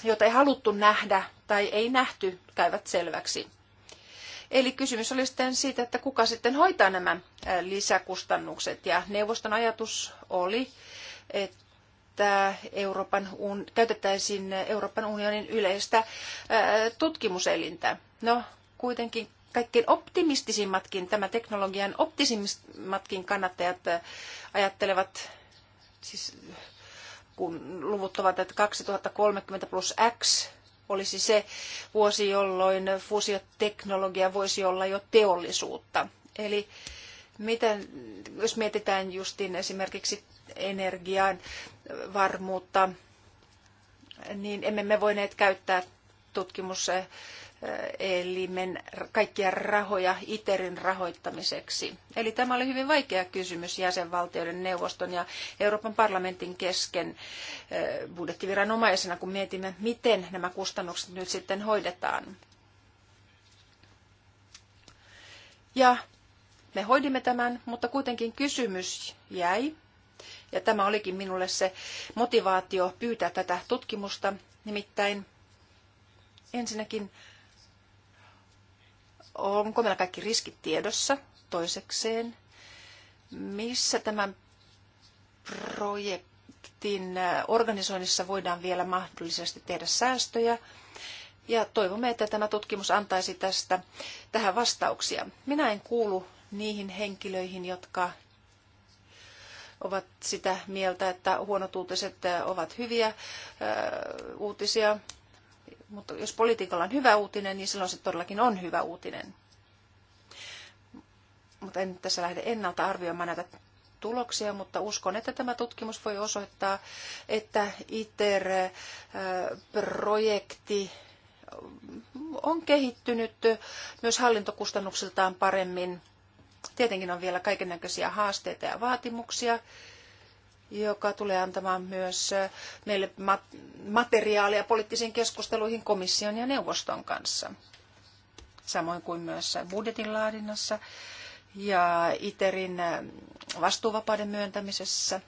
jota ei haluttu nähdä tai ei nähty, käyvät selväksi. Eli kysymys oli sitten siitä, että kuka sitten hoitaa nämä lisäkustannukset. Ja neuvoston ajatus oli, että Euroopan, käytettäisiin Euroopan unionin yleistä tutkimuselintä. No, kuitenkin kaikkein optimistisimmatkin, tämä teknologian optimistisimmatkin kannattajat ajattelevat, siis kun luvut ovat, että 2030 plus X olisi se vuosi, jolloin fuusioteknologia voisi olla jo teollisuutta. Eli miten, jos mietitään justin esimerkiksi energian varmuutta, niin emme me voineet käyttää tutkimus- elimen kaikkia rahoja ITERin rahoittamiseksi. Eli tämä oli hyvin vaikea kysymys jäsenvaltioiden neuvoston ja Euroopan parlamentin kesken eh, budjettiviranomaisena, kun mietimme, miten nämä kustannukset nyt sitten hoidetaan. Ja me hoidimme tämän, mutta kuitenkin kysymys jäi. Ja tämä olikin minulle se motivaatio pyytää tätä tutkimusta. Nimittäin ensinnäkin onko meillä kaikki riskit tiedossa toisekseen, missä tämän projektin äh, organisoinnissa voidaan vielä mahdollisesti tehdä säästöjä. Ja toivomme, että tämä tutkimus antaisi tästä tähän vastauksia. Minä en kuulu niihin henkilöihin, jotka ovat sitä mieltä, että huonot uutiset äh, ovat hyviä äh, uutisia mutta jos politiikalla on hyvä uutinen, niin silloin se todellakin on hyvä uutinen. Mutta en tässä lähde ennalta arvioimaan näitä tuloksia, mutta uskon, että tämä tutkimus voi osoittaa, että ITER-projekti on kehittynyt myös hallintokustannuksiltaan paremmin. Tietenkin on vielä kaiken näköisiä haasteita ja vaatimuksia, joka tulee antamaan myös meille materiaalia poliittisiin keskusteluihin komission ja neuvoston kanssa. Samoin kuin myös budjetin laadinnassa ja ITERin vastuuvapauden myöntämisessä.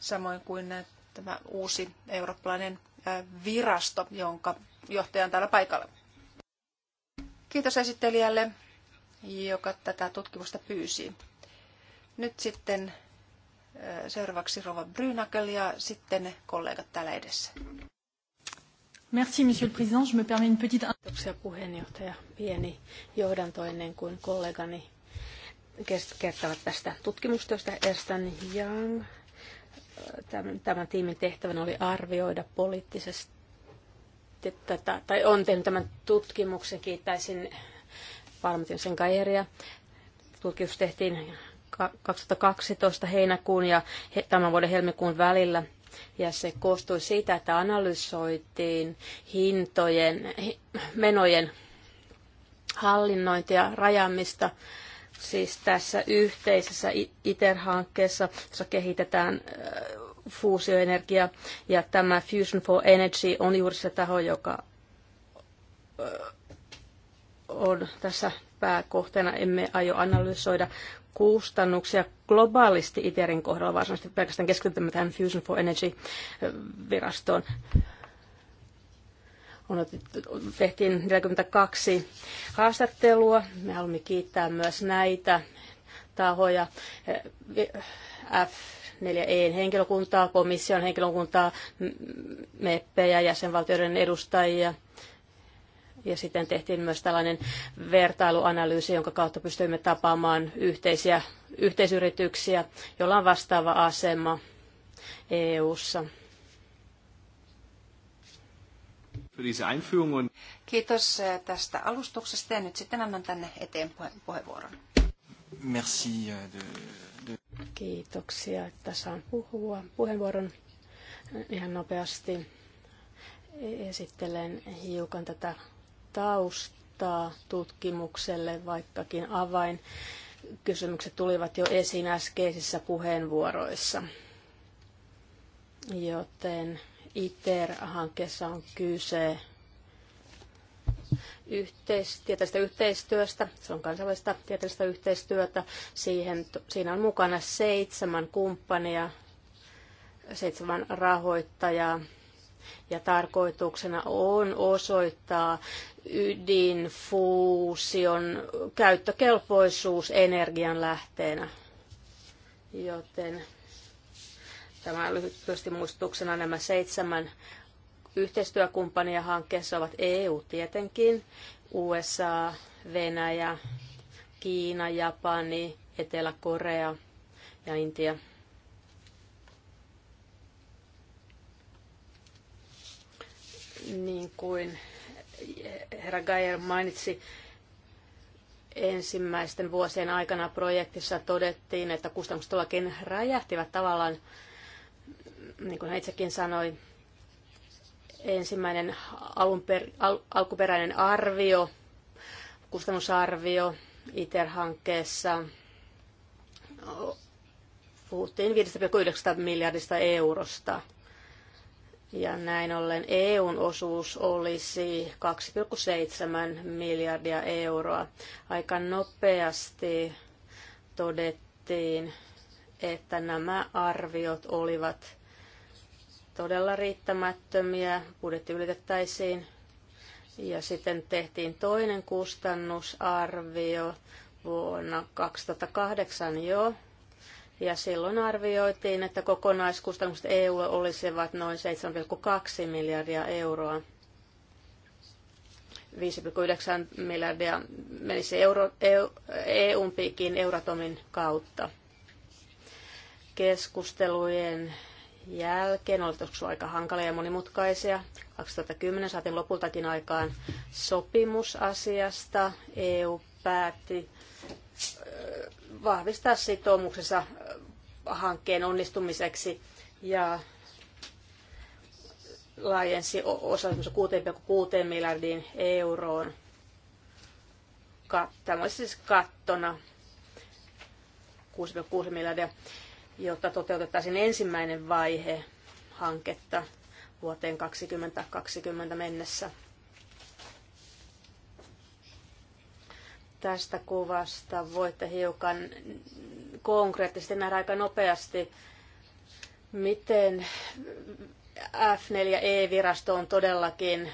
Samoin kuin tämä uusi eurooppalainen virasto, jonka johtaja on täällä paikalla. Kiitos esittelijälle joka tätä tutkimusta pyysi. Nyt sitten seuraavaksi Rova Brynäkel ja sitten kollegat täällä edessä. Merci, monsieur le président. Je me permets une petite... Kiitoksia puheenjohtaja. Pieni johdanto ennen kuin kollegani kertovat tästä tutkimustyöstä. Erstan Young. Tämän, tämän tiimin tehtävänä oli arvioida poliittisesti tätä, tai on tehnyt tämän tutkimuksen. Kiittäisin sen Senkairia. Tutkimus tehtiin 2012 heinäkuun ja tämän vuoden helmikuun välillä. Ja se koostui siitä, että analysoitiin hintojen, menojen hallinnointia, rajaamista, siis tässä yhteisessä ITER-hankkeessa, jossa kehitetään fuusioenergia, ja tämä Fusion for Energy on juuri se taho, joka on tässä pääkohteena. Emme aio analysoida kustannuksia globaalisti ITERin kohdalla, varsinaisesti pelkästään keskitymme tähän Fusion for Energy-virastoon. On, tehtiin 42 haastattelua. Me haluamme kiittää myös näitä tahoja. F4E henkilökuntaa, komission henkilökuntaa, meppejä, jäsenvaltioiden edustajia – ja sitten tehtiin myös tällainen vertailuanalyysi, jonka kautta pystyimme tapaamaan yhteisiä, yhteisyrityksiä, joilla on vastaava asema EU-ssa. Kiitos äh, tästä alustuksesta ja nyt sitten annan tänne eteen puheenvuoron. Merci äh, de... Kiitoksia, että saan puhua puheenvuoron ihan nopeasti. Esittelen hiukan tätä taustaa tutkimukselle, vaikkakin avain kysymykset tulivat jo esiin äskeisissä puheenvuoroissa. Joten ITER-hankkeessa on kyse yhteis- tieteellisestä yhteistyöstä, se on kansainvälistä tieteellistä yhteistyötä. Siihen, siinä on mukana seitsemän kumppania, seitsemän rahoittajaa, ja tarkoituksena on osoittaa ydinfuusion käyttökelpoisuus lähteenä. Joten tämä lyhyesti muistutuksena nämä seitsemän yhteistyökumppania hankkeessa ovat EU tietenkin, USA, Venäjä, Kiina, Japani, Etelä-Korea ja Intia. niin kuin herra Geyer mainitsi, ensimmäisten vuosien aikana projektissa todettiin, että kustannukset todellakin räjähtivät tavallaan, niin kuin hän itsekin sanoi, ensimmäinen alunper, al, alkuperäinen arvio, kustannusarvio ITER-hankkeessa puhuttiin 5,9 miljardista eurosta – ja näin ollen EUn osuus olisi 2,7 miljardia euroa. Aika nopeasti todettiin, että nämä arviot olivat todella riittämättömiä, budjetti ylitettäisiin. Ja sitten tehtiin toinen kustannusarvio vuonna 2008 jo, ja silloin arvioitiin, että kokonaiskustannukset EUlle olisivat noin 7,2 miljardia euroa. 5,9 miljardia menisi euro, EU, EUn piikkiin Euratomin kautta. Keskustelujen jälkeen olivat aika hankalia ja monimutkaisia. 2010 saatiin lopultakin aikaan sopimus asiasta. EU päätti vahvistaa sitoumuksensa hankkeen onnistumiseksi ja laajensi osallistumisen 6,6 miljardiin euroon. Tämä olisi siis kattona 6,6 miljardia, jotta toteutettaisiin ensimmäinen vaihe hanketta vuoteen 2020 mennessä. tästä kuvasta voitte hiukan konkreettisesti nähdä aika nopeasti, miten F4E-virasto on todellakin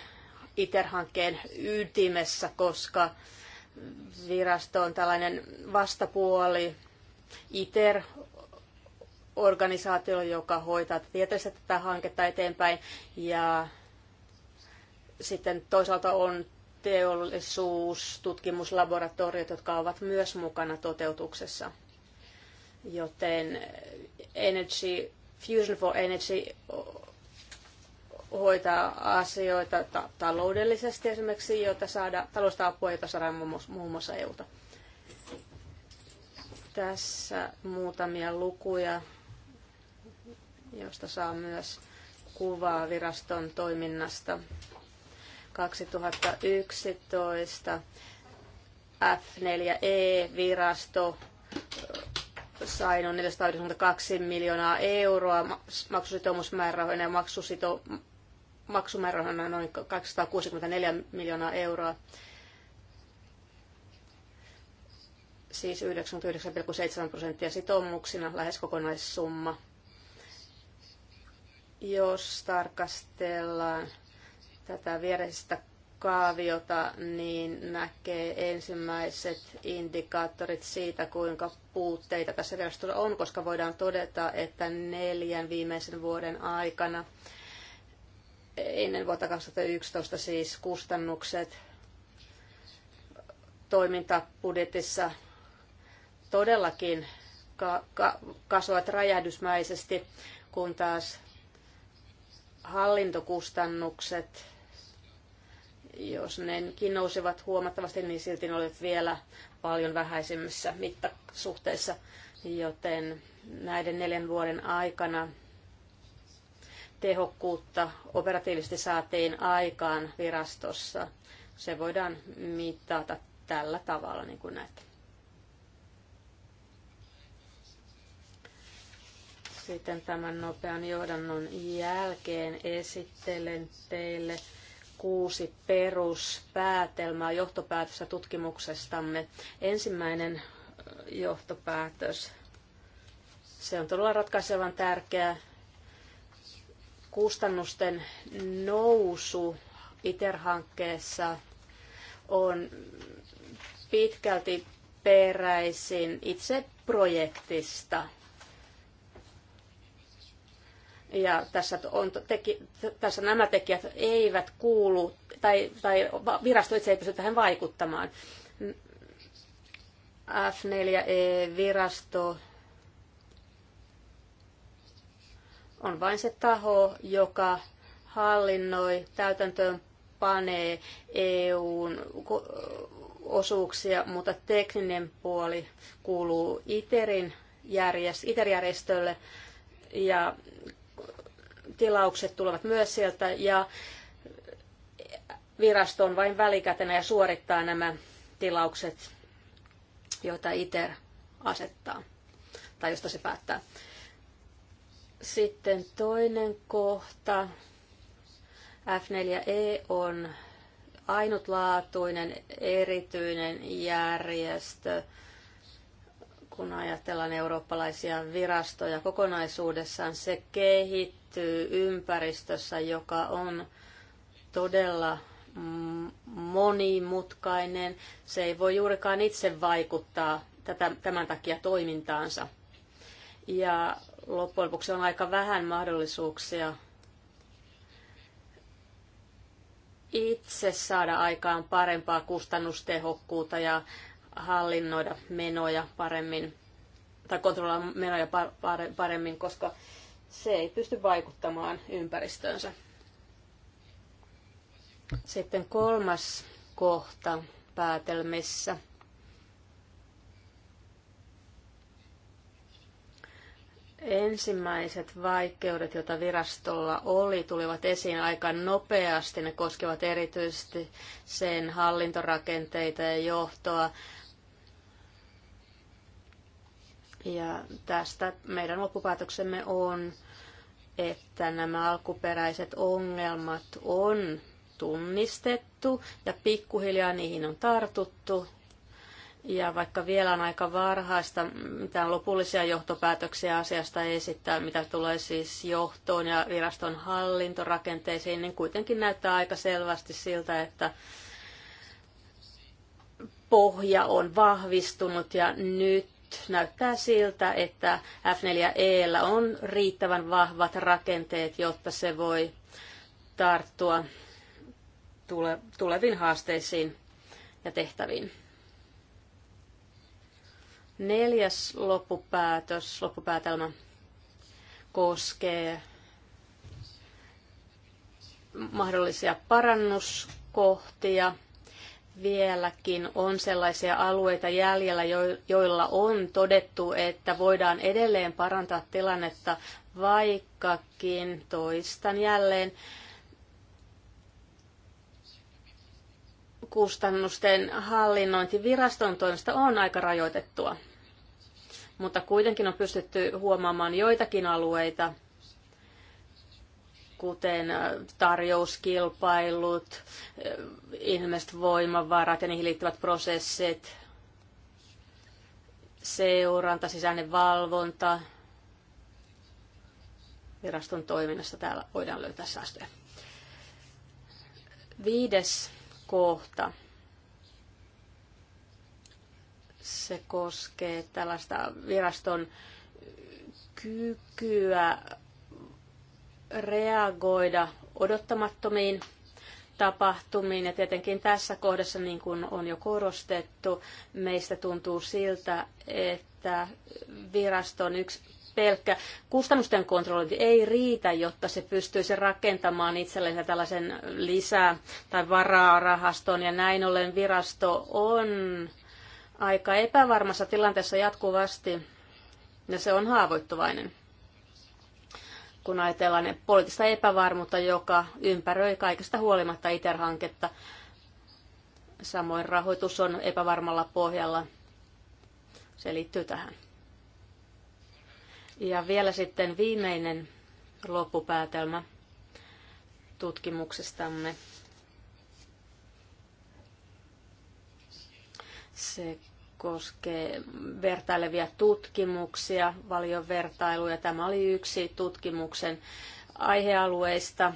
ITER-hankkeen ytimessä, koska virasto on tällainen vastapuoli ITER organisaatio, joka hoitaa tietysti tätä hanketta eteenpäin. Ja sitten toisaalta on teollisuustutkimuslaboratoriot, jotka ovat myös mukana toteutuksessa. Joten Energy, Fusion for Energy hoitaa asioita ta- taloudellisesti esimerkiksi, jota saada, talousta apua, jota saadaan muun muassa EUta. Tässä muutamia lukuja, joista saa myös kuvaa viraston toiminnasta 2011 F4E-virasto e sai noin 492 miljoonaa euroa maksusitoumusmäärärahoina ja maksusito, maksumäärärahoina noin 264 miljoonaa euroa. Siis 99,7 prosenttia sitoumuksina, lähes kokonaissumma. Jos tarkastellaan tätä viereistä kaaviota, niin näkee ensimmäiset indikaattorit siitä, kuinka puutteita tässä virastolla on, koska voidaan todeta, että neljän viimeisen vuoden aikana, ennen vuotta 2011 siis kustannukset toimintabudjetissa todellakin ka- ka- kasvavat räjähdysmäisesti, kun taas hallintokustannukset jos nekin nousevat huomattavasti, niin silti ne olivat vielä paljon vähäisemmissä mittasuhteissa. Joten näiden neljän vuoden aikana tehokkuutta operatiivisesti saatiin aikaan virastossa. Se voidaan mitata tällä tavalla, niin kuin näette. Sitten tämän nopean johdannon jälkeen esittelen teille kuusi peruspäätelmää, johtopäätöstä tutkimuksestamme. Ensimmäinen johtopäätös. Se on todella ratkaisevan tärkeä. Kustannusten nousu ITER-hankkeessa on pitkälti peräisin itse projektista – ja tässä, on teki, tässä nämä tekijät eivät kuulu, tai, tai virasto itse ei pysty tähän vaikuttamaan. F4E-virasto e on vain se taho, joka hallinnoi, täytäntöön panee EUn osuuksia, mutta tekninen puoli kuuluu ITERin järjest, ITER-järjestölle ja tilaukset tulevat myös sieltä ja virasto on vain välikätenä ja suorittaa nämä tilaukset, joita ITER asettaa tai josta se päättää. Sitten toinen kohta. F4E on ainutlaatuinen, erityinen järjestö, kun ajatellaan eurooppalaisia virastoja kokonaisuudessaan, se kehittyy ympäristössä, joka on todella monimutkainen. Se ei voi juurikaan itse vaikuttaa tätä, tämän takia toimintaansa. Ja loppujen lopuksi on aika vähän mahdollisuuksia itse saada aikaan parempaa kustannustehokkuutta ja hallinnoida menoja paremmin tai kontrolloida menoja paremmin, koska se ei pysty vaikuttamaan ympäristöönsä. Sitten kolmas kohta päätelmissä. Ensimmäiset vaikeudet, joita virastolla oli, tulivat esiin aika nopeasti. Ne koskevat erityisesti sen hallintorakenteita ja johtoa, ja tästä meidän loppupäätöksemme on, että nämä alkuperäiset ongelmat on tunnistettu ja pikkuhiljaa niihin on tartuttu. Ja vaikka vielä on aika varhaista, mitään lopullisia johtopäätöksiä asiasta esittää, mitä tulee siis johtoon ja viraston hallintorakenteisiin, niin kuitenkin näyttää aika selvästi siltä, että pohja on vahvistunut ja nyt näyttää siltä, että F4Ellä on riittävän vahvat rakenteet, jotta se voi tarttua tule, tuleviin haasteisiin ja tehtäviin. Neljäs loppupäätös, loppupäätelmä koskee mahdollisia parannuskohtia vieläkin on sellaisia alueita jäljellä, joilla on todettu, että voidaan edelleen parantaa tilannetta, vaikkakin toistan jälleen kustannusten hallinnointi toimesta on aika rajoitettua. Mutta kuitenkin on pystytty huomaamaan joitakin alueita, kuten äh, tarjouskilpailut, äh, ihmiset voimavarat ja niihin liittyvät prosessit, seuranta, sisäinen valvonta. Viraston toiminnassa täällä voidaan löytää säästöjä. Viides kohta. Se koskee tällaista viraston kykyä reagoida odottamattomiin tapahtumiin. Ja tietenkin tässä kohdassa, niin kuin on jo korostettu, meistä tuntuu siltä, että viraston yksi pelkkä kustannusten kontrollointi ei riitä, jotta se pystyisi rakentamaan itselleen tällaisen lisää- tai varaa rahastoon. Ja näin ollen virasto on aika epävarmassa tilanteessa jatkuvasti ja se on haavoittuvainen kun ajatellaan ne poliittista epävarmuutta, joka ympäröi kaikesta huolimatta ITER-hanketta. Samoin rahoitus on epävarmalla pohjalla. Se liittyy tähän. Ja vielä sitten viimeinen loppupäätelmä tutkimuksestamme. Se koskee vertailevia tutkimuksia, paljon vertailuja. Tämä oli yksi tutkimuksen aihealueista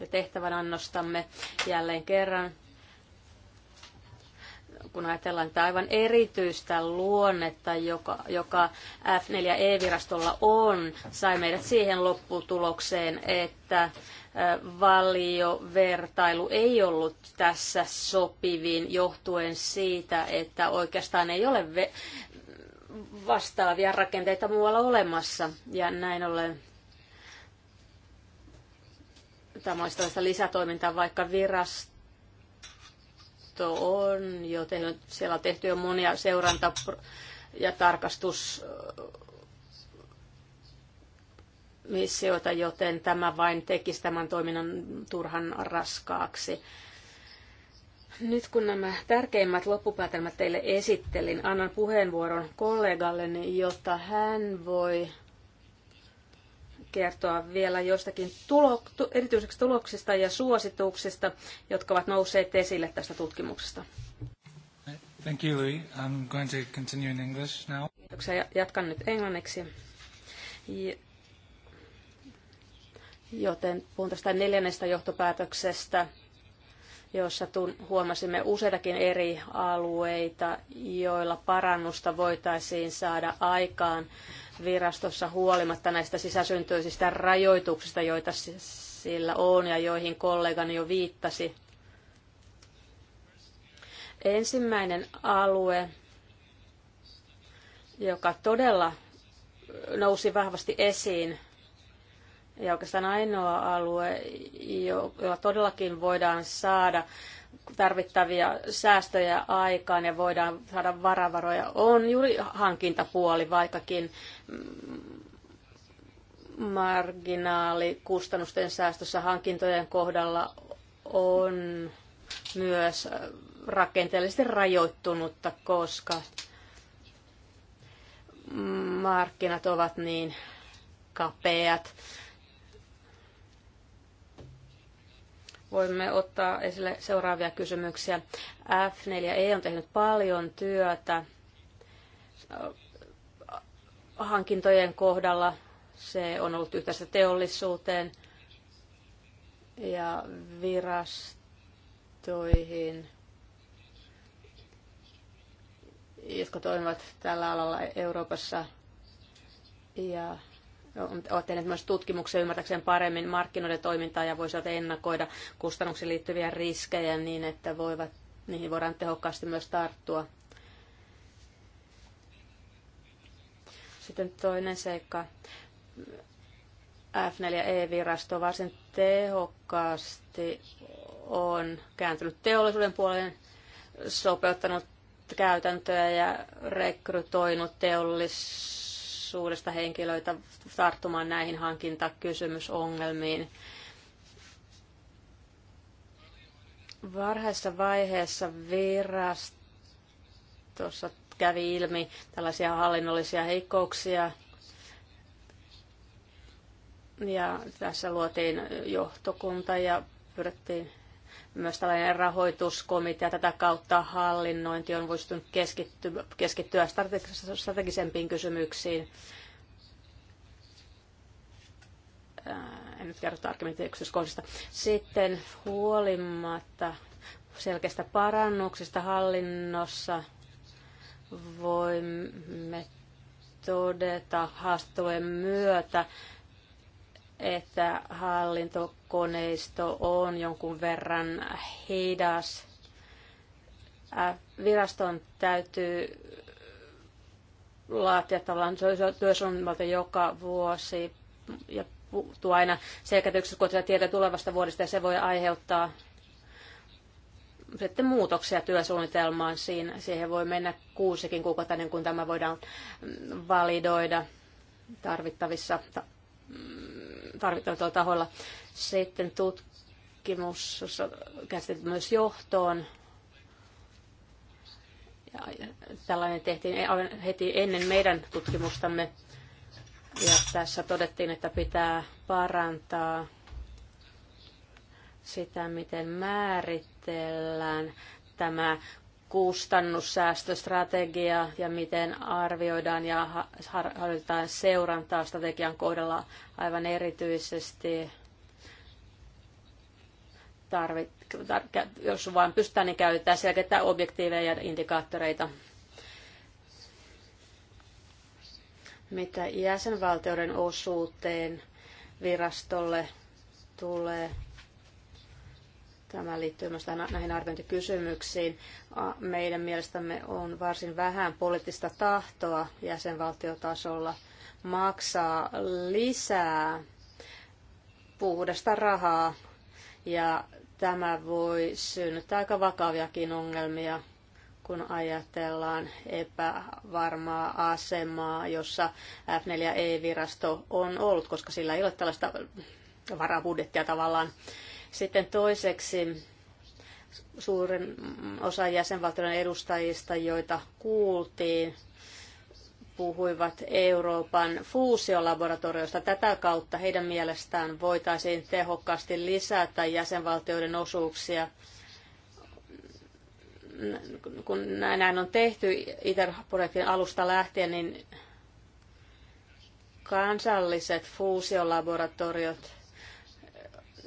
ja tehtävänannostamme jälleen kerran. Kun ajatellaan tätä aivan erityistä luonnetta, joka, joka F4E-virastolla on, sai meidät siihen lopputulokseen, että valiovertailu ei ollut tässä sopivin johtuen siitä, että oikeastaan ei ole vastaavia rakenteita muualla olemassa. Ja näin ollen tämä olisi tällaista lisätoimintaa, vaikka virasto on jo tehnyt, siellä on tehty jo monia seuranta- ja tarkastus missiota, joten tämä vain tekisi tämän toiminnan turhan raskaaksi. Nyt kun nämä tärkeimmät loppupäätelmät teille esittelin, annan puheenvuoron kollegalleni, jotta hän voi kertoa vielä jostakin tulo, erityiseksi tuloksista ja suosituksista, jotka ovat nousseet esille tästä tutkimuksesta. Thank you, Louis. I'm going to continue in English now. Kiitoksia. Jatkan nyt englanniksi. Joten puhun tästä neljännestä johtopäätöksestä, jossa huomasimme useitakin eri alueita, joilla parannusta voitaisiin saada aikaan virastossa huolimatta näistä sisäsyntyisistä rajoituksista, joita sillä on ja joihin kollegani jo viittasi. Ensimmäinen alue, joka todella nousi vahvasti esiin, ja oikeastaan ainoa alue, jolla todellakin voidaan saada tarvittavia säästöjä aikaan ja voidaan saada varavaroja, on juuri hankintapuoli, vaikkakin marginaalikustannusten säästössä hankintojen kohdalla on myös rakenteellisesti rajoittunutta, koska markkinat ovat niin kapeat Voimme ottaa esille seuraavia kysymyksiä. F4E on tehnyt paljon työtä äh, hankintojen kohdalla. Se on ollut yhteistä teollisuuteen ja virastoihin, jotka toimivat tällä alalla Euroopassa. Ja ovat tehneet myös tutkimuksia ymmärtäkseen paremmin markkinoiden toimintaa ja voisivat ennakoida kustannuksiin liittyviä riskejä niin, että voivat, niihin voidaan tehokkaasti myös tarttua. Sitten toinen seikka. F4 ja E-virasto varsin tehokkaasti on kääntynyt teollisuuden puoleen, sopeuttanut käytäntöjä ja rekrytoinut teollis mahdollisuudesta henkilöitä tarttumaan näihin hankintakysymysongelmiin. Varhaisessa vaiheessa virastossa kävi ilmi tällaisia hallinnollisia heikkouksia, ja tässä luotiin johtokunta ja pyrittiin myös tällainen rahoituskomitea. Tätä kautta hallinnointi on voistunut keskittyä strategisempiin kysymyksiin. En nyt kerro tarkemmin yksityiskohdista. Sitten huolimatta selkeistä parannuksista hallinnossa voimme todeta haastojen myötä, että hallintokoneisto on jonkun verran heidas. Viraston täytyy laatia tavallaan työsuunnitelmalta joka vuosi ja puuttuu aina sekä kun tietää tulevasta vuodesta ja se voi aiheuttaa sitten muutoksia työsuunnitelmaan. Siinä, siihen voi mennä kuusikin kuukautta ennen kuin tämä voidaan validoida tarvittavissa tarvittavilla tahoilla. Sitten tutkimus käsitelty myös johtoon. Ja tällainen tehtiin heti ennen meidän tutkimustamme. Ja tässä todettiin, että pitää parantaa sitä, miten määritellään tämä kustannussäästöstrategia ja miten arvioidaan ja harjoitetaan seurantaa strategian kohdalla aivan erityisesti. Tarvit, tar, jos vain pystytään, niin käytetään selkeitä objektiiveja ja indikaattoreita. Mitä jäsenvaltioiden osuuteen virastolle tulee, Tämä liittyy myös näihin arviointikysymyksiin. Meidän mielestämme on varsin vähän poliittista tahtoa jäsenvaltiotasolla maksaa lisää puhdasta rahaa ja tämä voi synnyttää aika vakaviakin ongelmia, kun ajatellaan epävarmaa asemaa, jossa F4E-virasto e on ollut, koska sillä ei ole tällaista varabudjettia tavallaan. Sitten toiseksi suurin osa jäsenvaltioiden edustajista, joita kuultiin, puhuivat Euroopan fuusiolaboratorioista. Tätä kautta heidän mielestään voitaisiin tehokkaasti lisätä jäsenvaltioiden osuuksia. Kun näin on tehty ITER-projektin alusta lähtien, niin kansalliset fuusiolaboratoriot –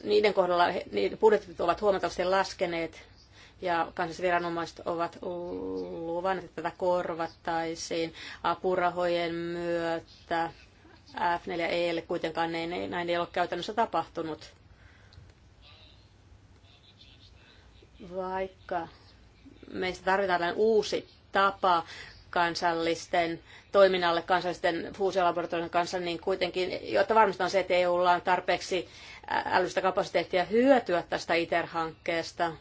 niiden kohdalla niiden budjetit ovat huomattavasti laskeneet ja kansallisviranomaiset ovat luvanneet, että tätä korvattaisiin apurahojen myötä. F4Elle e kuitenkaan ei, näin ei ole käytännössä tapahtunut. Vaikka meistä tarvitaan uusi tapa kansallisten toiminnalle, kansallisten fuusiolaboratorioiden kanssa, niin kuitenkin, jotta varmistetaan se, että EUlla on tarpeeksi älyllistä kapasiteettia hyötyä tästä ITER-hankkeesta,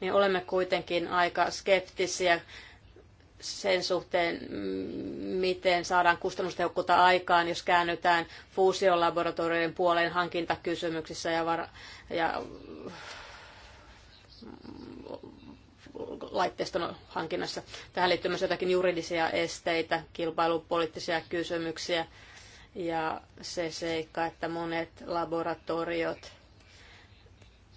niin olemme kuitenkin aika skeptisiä sen suhteen, miten saadaan kustannustehokkuutta aikaan, jos käännytään fuusiolaboratorioiden puoleen hankintakysymyksissä ja, var- ja laitteiston hankinnassa. Tähän liittyy myös jotakin juridisia esteitä, kilpailupoliittisia kysymyksiä ja se seikka, että monet laboratoriot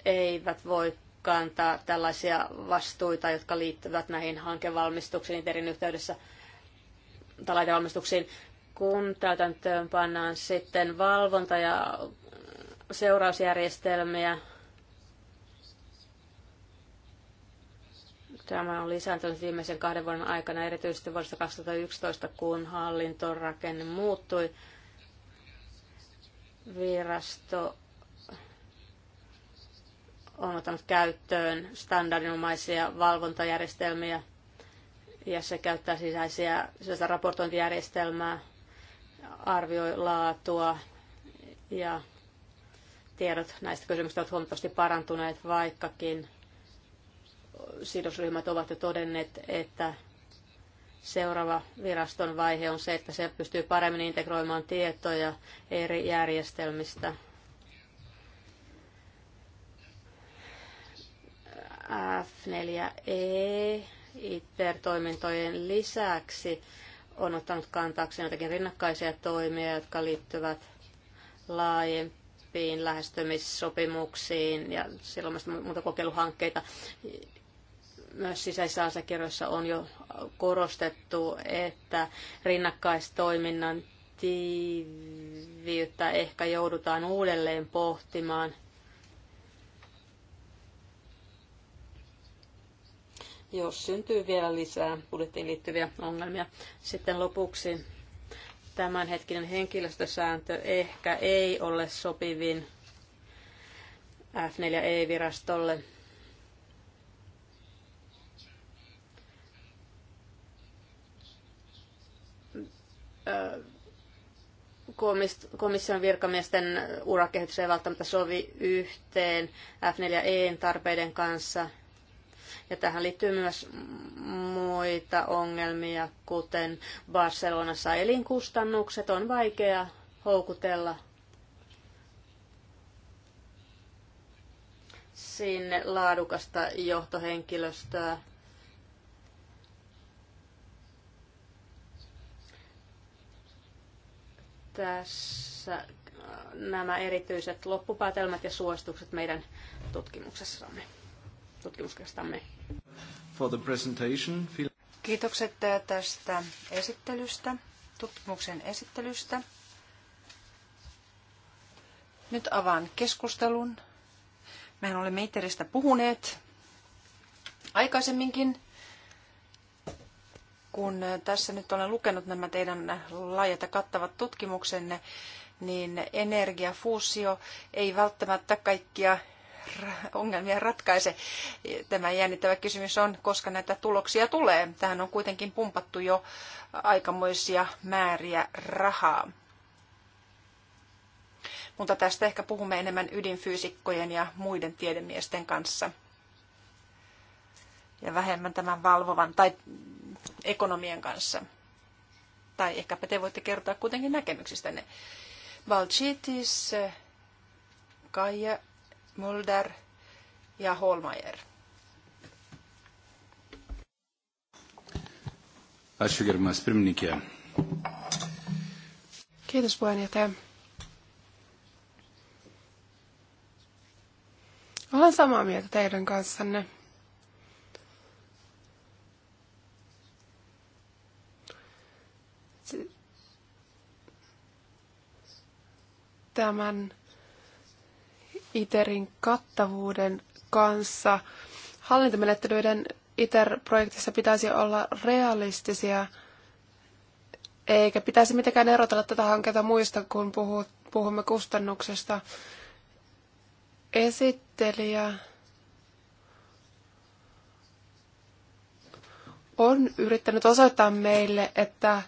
eivät voi kantaa tällaisia vastuita, jotka liittyvät näihin hankevalmistuksiin interin yhteydessä tai laitevalmistuksiin, kun täytäntöön pannaan sitten valvonta- ja seurausjärjestelmiä Tämä on lisääntynyt viimeisen kahden vuoden aikana, erityisesti vuodesta 2011, kun hallintorakenne muuttui. Virasto on ottanut käyttöön standardinomaisia valvontajärjestelmiä ja se käyttää sisäisiä, sisäistä raportointijärjestelmää, arvioi laatua ja tiedot näistä kysymyksistä ovat huomattavasti parantuneet, vaikkakin sidosryhmät ovat jo todenneet, että seuraava viraston vaihe on se, että se pystyy paremmin integroimaan tietoja eri järjestelmistä. F4E ITER-toimintojen lisäksi on ottanut kantaakseen jotakin rinnakkaisia toimia, jotka liittyvät laajempiin lähestymissopimuksiin ja silloin myös muita kokeiluhankkeita, myös sisäisissä asiakirjoissa on jo korostettu, että rinnakkaistoiminnan tiiviyttä ehkä joudutaan uudelleen pohtimaan. jos syntyy vielä lisää budjettiin liittyviä ongelmia. Sitten lopuksi tämänhetkinen henkilöstösääntö ehkä ei ole sopivin F4E-virastolle komission virkamiesten urakehitys ei välttämättä sovi yhteen F4En tarpeiden kanssa. Ja tähän liittyy myös muita ongelmia, kuten Barcelonassa elinkustannukset on vaikea houkutella sinne laadukasta johtohenkilöstöä. Tässä äh, nämä erityiset loppupäätelmät ja suositukset meidän tutkimuksessamme, tutkimuskestamme. For the presentation. Kiitokset äh, tästä esittelystä, tutkimuksen esittelystä. Nyt avaan keskustelun. Mehän olemme Iteristä puhuneet aikaisemminkin kun äh, tässä nyt olen lukenut nämä teidän laajat ja kattavat tutkimuksenne, niin energiafuusio ei välttämättä kaikkia ongelmia ratkaise. Tämä jännittävä kysymys on, koska näitä tuloksia tulee. Tähän on kuitenkin pumpattu jo aikamoisia määriä rahaa. Mutta tästä ehkä puhumme enemmän ydinfyysikkojen ja muiden tiedemiesten kanssa. Ja vähemmän tämän valvovan tai ekonomien kanssa. Tai ehkäpä te voitte kertoa kuitenkin näkemyksistänne. Valchitis, Kaija, Mulder ja Holmeier. Kiitos puheenjohtaja. Olen samaa mieltä teidän kanssanne. tämän ITERin kattavuuden kanssa. Hallintomenettelyiden ITER-projektissa pitäisi olla realistisia, eikä pitäisi mitenkään erotella tätä hanketta muista, kun puhumme kustannuksesta. Esittelijä on yrittänyt osoittaa meille, että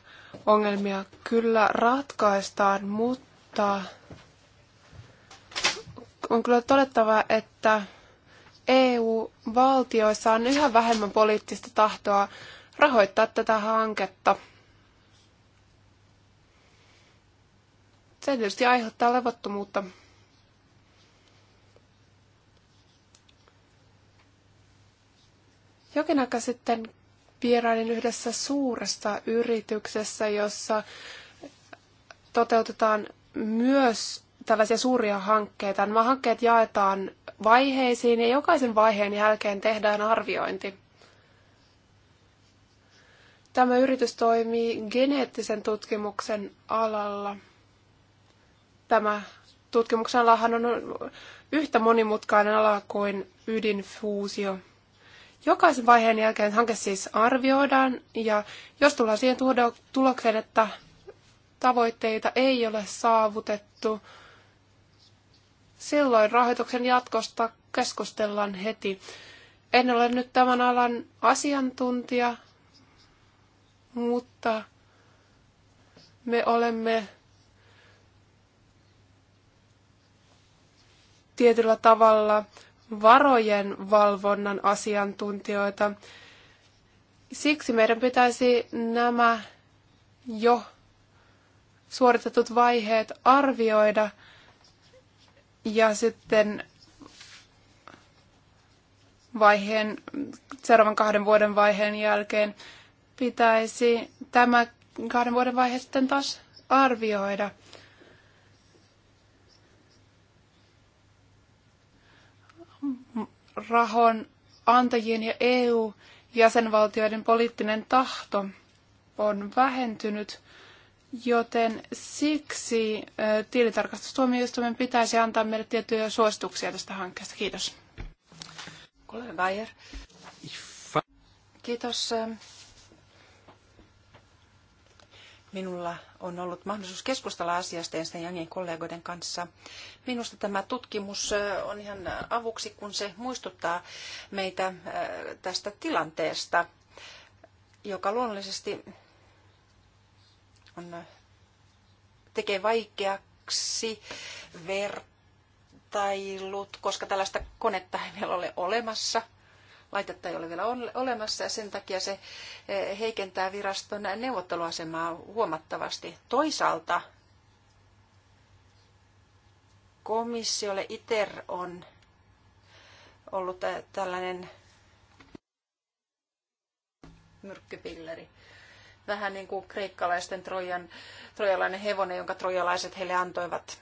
ongelmia kyllä ratkaistaan, mutta mutta on kyllä todettava, että EU-valtioissa on yhä vähemmän poliittista tahtoa rahoittaa tätä hanketta. Se tietysti aiheuttaa levottomuutta. Jokin aika sitten vierailin yhdessä suuressa yrityksessä, jossa toteutetaan myös tällaisia suuria hankkeita. Nämä hankkeet jaetaan vaiheisiin ja jokaisen vaiheen jälkeen tehdään arviointi. Tämä yritys toimii geneettisen tutkimuksen alalla. Tämä tutkimuksen alahan on yhtä monimutkainen ala kuin ydinfuusio. Jokaisen vaiheen jälkeen hanke siis arvioidaan ja jos tullaan siihen tulokseen, että tavoitteita ei ole saavutettu, silloin rahoituksen jatkosta keskustellaan heti. En ole nyt tämän alan asiantuntija, mutta me olemme tietyllä tavalla varojen valvonnan asiantuntijoita. Siksi meidän pitäisi nämä jo suoritetut vaiheet arvioida ja sitten vaiheen, seuraavan kahden vuoden vaiheen jälkeen pitäisi tämä kahden vuoden vaihe sitten taas arvioida. Rahon antajien ja EU-jäsenvaltioiden poliittinen tahto on vähentynyt – Joten siksi tilintarkastustuomioistuimen pitäisi antaa meille tiettyjä suosituksia tästä hankkeesta. Kiitos. Kollega Kiitos. Minulla on ollut mahdollisuus keskustella asiasta ensin Jangin kollegoiden kanssa. Minusta tämä tutkimus on ihan avuksi, kun se muistuttaa meitä tästä tilanteesta, joka luonnollisesti on, tekee vaikeaksi vertailut, koska tällaista konetta ei vielä ole olemassa. Laitetta ei ole vielä olemassa ja sen takia se eh, heikentää viraston neuvotteluasemaa huomattavasti. Toisaalta komissiolle ITER on ollut eh, tällainen myrkkypilleri vähän niin kuin kreikkalaisten trojan, trojalainen hevonen, jonka trojalaiset heille antoivat.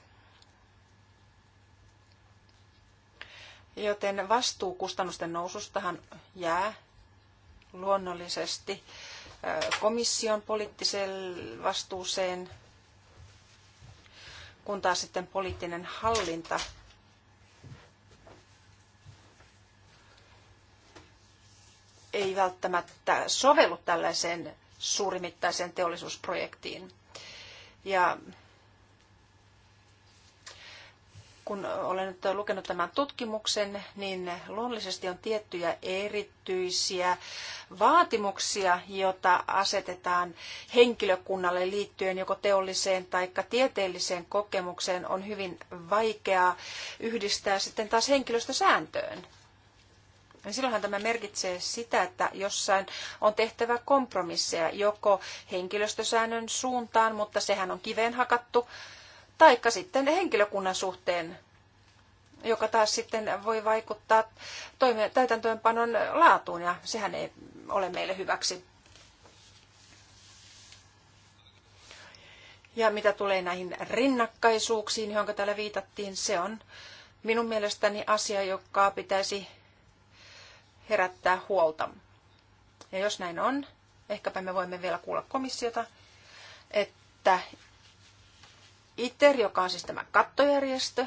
Joten vastuu kustannusten nousustahan jää luonnollisesti komission poliittiseen vastuuseen, kun taas sitten poliittinen hallinta ei välttämättä sovellu tällaiseen suurimittaiseen teollisuusprojektiin. Ja kun olen nyt lukenut tämän tutkimuksen, niin luonnollisesti on tiettyjä erityisiä vaatimuksia, joita asetetaan henkilökunnalle liittyen joko teolliseen tai tieteelliseen kokemukseen. On hyvin vaikeaa yhdistää sitten taas henkilöstösääntöön niin silloinhan tämä merkitsee sitä, että jossain on tehtävä kompromisseja joko henkilöstösäännön suuntaan, mutta sehän on kiveen hakattu, taikka sitten henkilökunnan suhteen, joka taas sitten voi vaikuttaa toime- täytäntöönpanon laatuun, ja sehän ei ole meille hyväksi. Ja mitä tulee näihin rinnakkaisuuksiin, johon täällä viitattiin, se on minun mielestäni asia, joka pitäisi herättää huolta. Ja jos näin on, ehkäpä me voimme vielä kuulla komissiota, että ITER, joka on siis tämä kattojärjestö,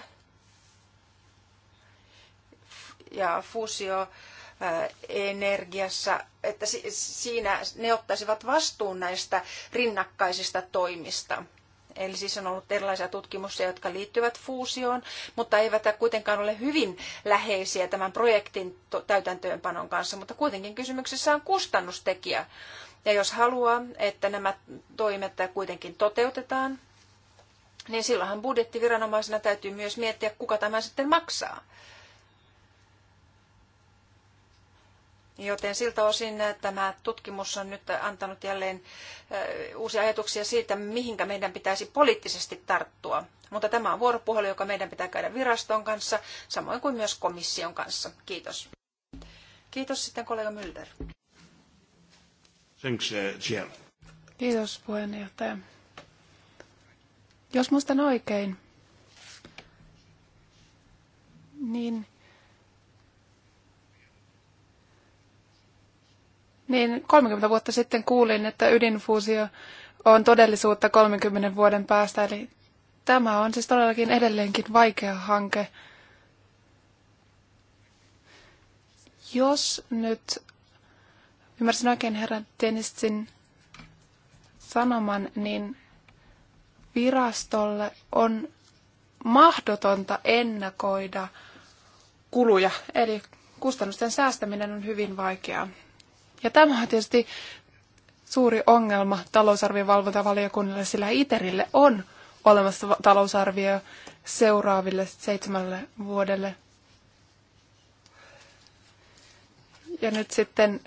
ja fuusio energiassa, että siinä ne ottaisivat vastuun näistä rinnakkaisista toimista. Eli siis on ollut erilaisia tutkimuksia, jotka liittyvät fuusioon, mutta eivät kuitenkaan ole hyvin läheisiä tämän projektin täytäntöönpanon kanssa, mutta kuitenkin kysymyksessä on kustannustekijä. Ja jos haluaa, että nämä toimet kuitenkin toteutetaan, niin silloinhan budjettiviranomaisena täytyy myös miettiä, kuka tämän sitten maksaa. Joten siltä osin tämä tutkimus on nyt antanut jälleen eh, uusia ajatuksia siitä, mihinkä meidän pitäisi poliittisesti tarttua. Mutta tämä on vuoropuhelu, joka meidän pitää käydä viraston kanssa, samoin kuin myös komission kanssa. Kiitos. Kiitos sitten kollega Mylder. Thanks, eh, Chair. Kiitos puheenjohtaja. Jos muistan oikein, niin niin 30 vuotta sitten kuulin, että ydinfuusio on todellisuutta 30 vuoden päästä. Eli tämä on siis todellakin edelleenkin vaikea hanke. Jos nyt ymmärsin oikein herra Dennistin sanoman, niin virastolle on mahdotonta ennakoida kuluja, eli kustannusten säästäminen on hyvin vaikeaa. Ja tämä on tietysti suuri ongelma talousarviovalvontavaliokunnalle, sillä ITERille on olemassa talousarvio seuraaville seitsemälle vuodelle. Ja nyt sitten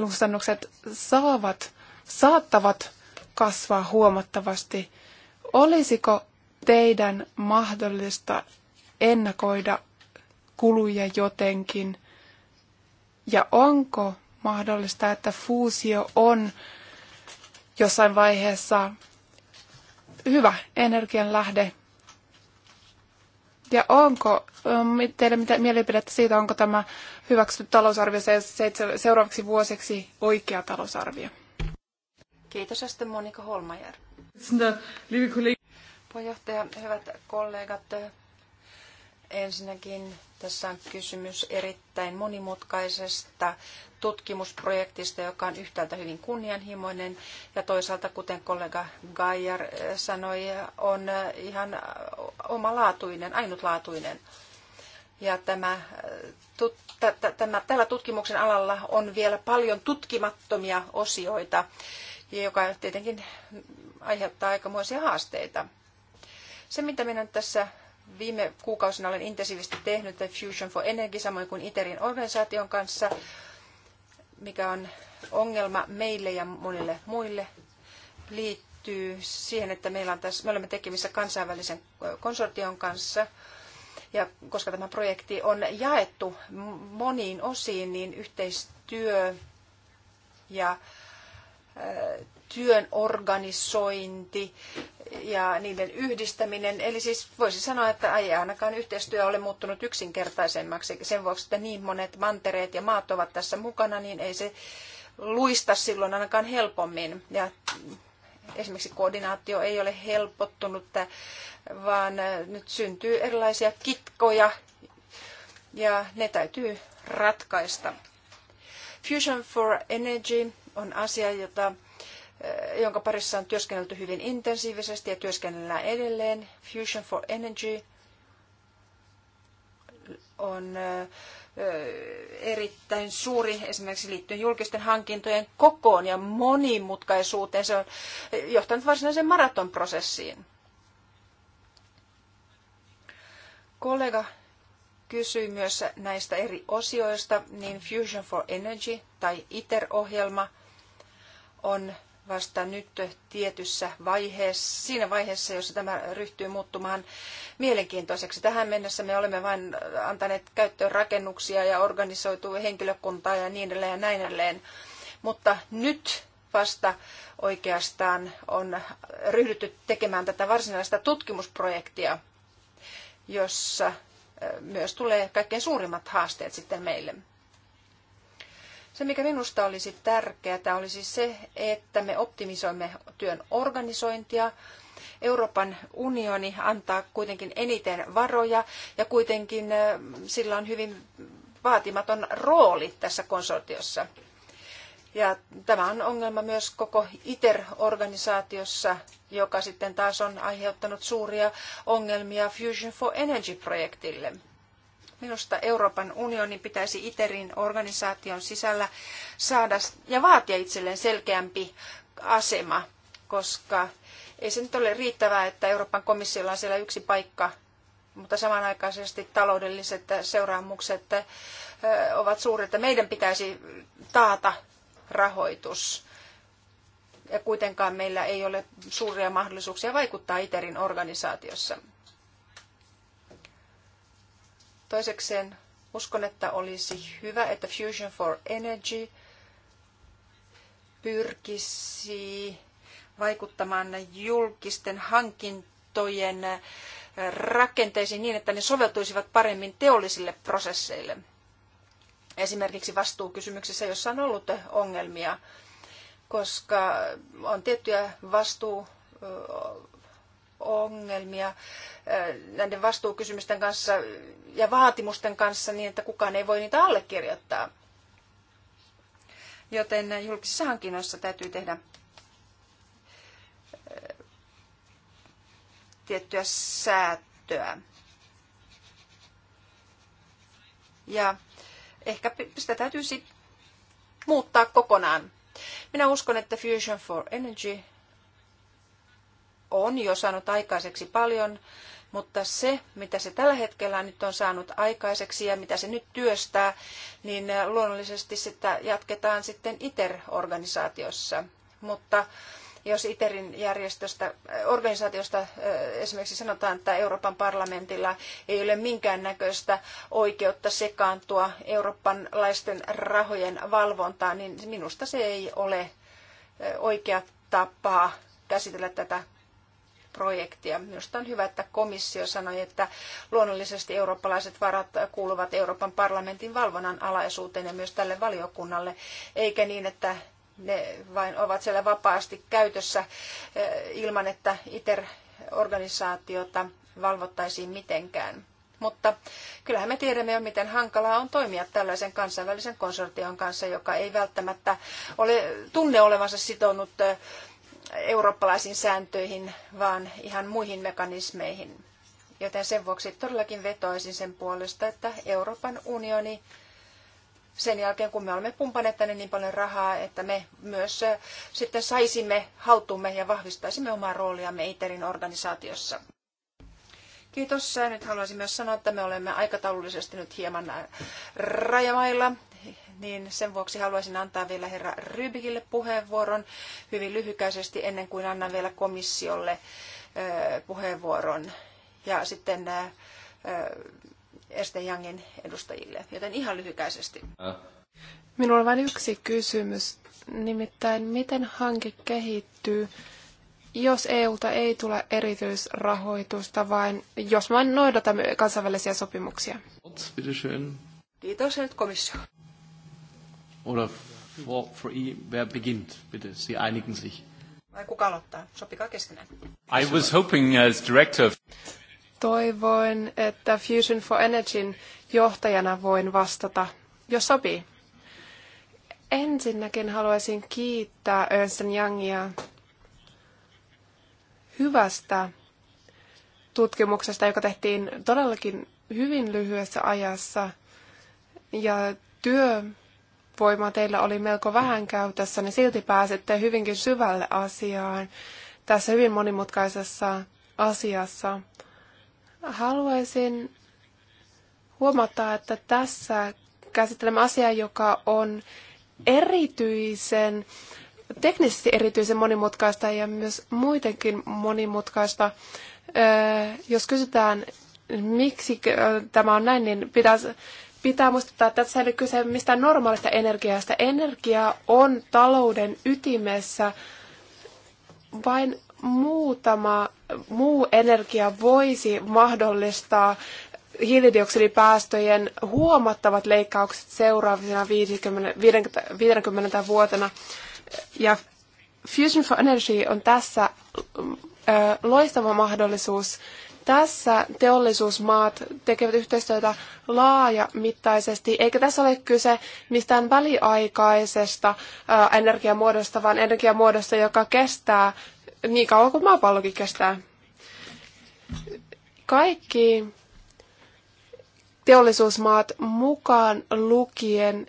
kustannukset saavat, saattavat kasvaa huomattavasti. Olisiko teidän mahdollista ennakoida kuluja jotenkin? Ja onko mahdollista, että fuusio on jossain vaiheessa hyvä energian lähde. Ja onko ähm, teidän mitä mielipidettä siitä, onko tämä hyväksytty talousarvio seuraavaksi vuosiksi oikea talousarvio? Kiitos sitten Monika Holmajer. Puheenjohtaja, hyvät kollegat, Ensinnäkin tässä on kysymys erittäin monimutkaisesta tutkimusprojektista, joka on yhtäältä hyvin kunnianhimoinen ja toisaalta, kuten kollega Gajar eh, sanoi, on ihan omalaatuinen, ainutlaatuinen. Ja tämä, eh, tut, tämä, tällä tutkimuksen alalla on vielä paljon tutkimattomia osioita, joka tietenkin aiheuttaa aikamoisia haasteita. Se, mitä minä tässä Viime kuukausina olen intensiivisesti tehnyt Fusion for Energy samoin kuin ITERin organisaation kanssa, mikä on ongelma meille ja monille muille liittyy siihen, että meillä on tässä, me olemme tekemissä kansainvälisen konsortion kanssa. Ja koska tämä projekti on jaettu moniin osiin, niin yhteistyö ja työn organisointi ja niiden yhdistäminen. Eli siis voisi sanoa, että ei ainakaan yhteistyö ole muuttunut yksinkertaisemmaksi. Sen vuoksi, että niin monet mantereet ja maat ovat tässä mukana, niin ei se luista silloin ainakaan helpommin. Ja esimerkiksi koordinaatio ei ole helpottunut, vaan äh, nyt syntyy erilaisia kitkoja ja ne täytyy ratkaista. Fusion for Energy on asia, jota Eh, jonka parissa on työskennelty hyvin intensiivisesti ja työskennellään edelleen. Fusion for Energy on eh, erittäin suuri esimerkiksi liittyen julkisten hankintojen kokoon ja monimutkaisuuteen. Se on eh, johtanut varsinaiseen maratonprosessiin. Kollega kysyi myös näistä eri osioista, niin Fusion for Energy tai ITER-ohjelma on vasta nyt tietyssä vaiheessa, siinä vaiheessa, jossa tämä ryhtyy muuttumaan mielenkiintoiseksi. Tähän mennessä me olemme vain antaneet käyttöön rakennuksia ja organisoitu henkilökuntaa ja niin edelleen ja näin edelleen. Mutta nyt vasta oikeastaan on ryhdytty tekemään tätä varsinaista tutkimusprojektia, jossa eh, myös tulee kaikkein suurimmat haasteet sitten meille. Se, mikä minusta olisi tärkeää, olisi se, että me optimisoimme työn organisointia. Euroopan unioni antaa kuitenkin eniten varoja ja kuitenkin sillä on hyvin vaatimaton rooli tässä konsortiossa. Ja tämä on ongelma myös koko ITER-organisaatiossa, joka sitten taas on aiheuttanut suuria ongelmia Fusion for Energy-projektille. Minusta Euroopan unionin pitäisi ITERin organisaation sisällä saada ja vaatia itselleen selkeämpi asema, koska ei se nyt ole riittävää, että Euroopan komissiolla on siellä yksi paikka, mutta samanaikaisesti taloudelliset seuraamukset ovat suuret, että meidän pitäisi taata rahoitus. Ja kuitenkaan meillä ei ole suuria mahdollisuuksia vaikuttaa ITERin organisaatiossa. Toisekseen uskon, että olisi hyvä, että Fusion for Energy pyrkisi vaikuttamaan julkisten hankintojen rakenteisiin niin, että ne soveltuisivat paremmin teollisille prosesseille. Esimerkiksi vastuukysymyksissä, jossa on ollut ongelmia, koska on tiettyjä vastuu ongelmia äh, näiden vastuukysymysten kanssa ja vaatimusten kanssa niin, että kukaan ei voi niitä allekirjoittaa. Joten julkisissa hankinnoissa täytyy tehdä äh, tiettyä säätöä. Ja ehkä sitä täytyisi muuttaa kokonaan. Minä uskon, että Fusion for Energy on jo saanut aikaiseksi paljon, mutta se, mitä se tällä hetkellä nyt on saanut aikaiseksi ja mitä se nyt työstää, niin luonnollisesti sitä jatketaan sitten ITER-organisaatiossa. Mutta jos ITERin järjestöstä, organisaatiosta esimerkiksi sanotaan, että Euroopan parlamentilla ei ole minkäännäköistä oikeutta sekaantua laisten rahojen valvontaan, niin minusta se ei ole oikea tapa käsitellä tätä projektia. Minusta on hyvä, että komissio sanoi, että luonnollisesti eurooppalaiset varat kuuluvat Euroopan parlamentin valvonnan alaisuuteen ja myös tälle valiokunnalle, eikä niin, että ne vain ovat siellä vapaasti käytössä eh, ilman, että ITER-organisaatiota valvottaisiin mitenkään. Mutta kyllähän me tiedämme jo, miten hankalaa on toimia tällaisen kansainvälisen konsortion kanssa, joka ei välttämättä ole, tunne olevansa sitonut eh, eurooppalaisiin sääntöihin, vaan ihan muihin mekanismeihin. Joten sen vuoksi todellakin vetoaisin sen puolesta, että Euroopan unioni sen jälkeen, kun me olemme pumpaneet tänne niin paljon rahaa, että me myös sitten saisimme haltuumme ja vahvistaisimme omaa rooliamme ITERin organisaatiossa. Kiitos. Nyt haluaisin myös sanoa, että me olemme aikataulullisesti nyt hieman rajamailla niin sen vuoksi haluaisin antaa vielä herra Rybikille puheenvuoron hyvin lyhykäisesti ennen kuin annan vielä komissiolle puheenvuoron ja sitten Esten Jangin edustajille, joten ihan lyhykäisesti. Minulla on vain yksi kysymys, nimittäin miten hanke kehittyy, jos EUlta ei tule erityisrahoitusta, vaan jos vain noudatamme kansainvälisiä sopimuksia? Kiitos, nyt komissio. Oder vor, vor wer beginnt, bitte? Sie einigen sich. Vai kuka aloittaa? Sopikaa keskenään. I was hoping as director... Toivoin, että Fusion for Energyn johtajana voin vastata, jos sopii. Ensinnäkin haluaisin kiittää Ernst Youngia hyvästä tutkimuksesta, joka tehtiin todellakin hyvin lyhyessä ajassa. Ja työ, Voima teillä oli melko vähän käytössä, niin silti pääsette hyvinkin syvälle asiaan tässä hyvin monimutkaisessa asiassa. Haluaisin huomata, että tässä käsittelemme asiaa, joka on erityisen, teknisesti erityisen monimutkaista ja myös muitenkin monimutkaista. Jos kysytään, miksi tämä on näin, niin pitäisi Pitää muistuttaa, että tässä ei ole kyse mistään normaalista energiasta. Energia on talouden ytimessä. Vain muutama muu energia voisi mahdollistaa hiilidioksidipäästöjen huomattavat leikkaukset seuraavina 50, 50 vuotena. Ja Fusion for Energy on tässä loistava mahdollisuus tässä teollisuusmaat tekevät yhteistyötä laajamittaisesti, eikä tässä ole kyse mistään väliaikaisesta energiamuodosta, vaan energiamuodosta, joka kestää niin kauan kuin maapallokin kestää. Kaikki teollisuusmaat mukaan lukien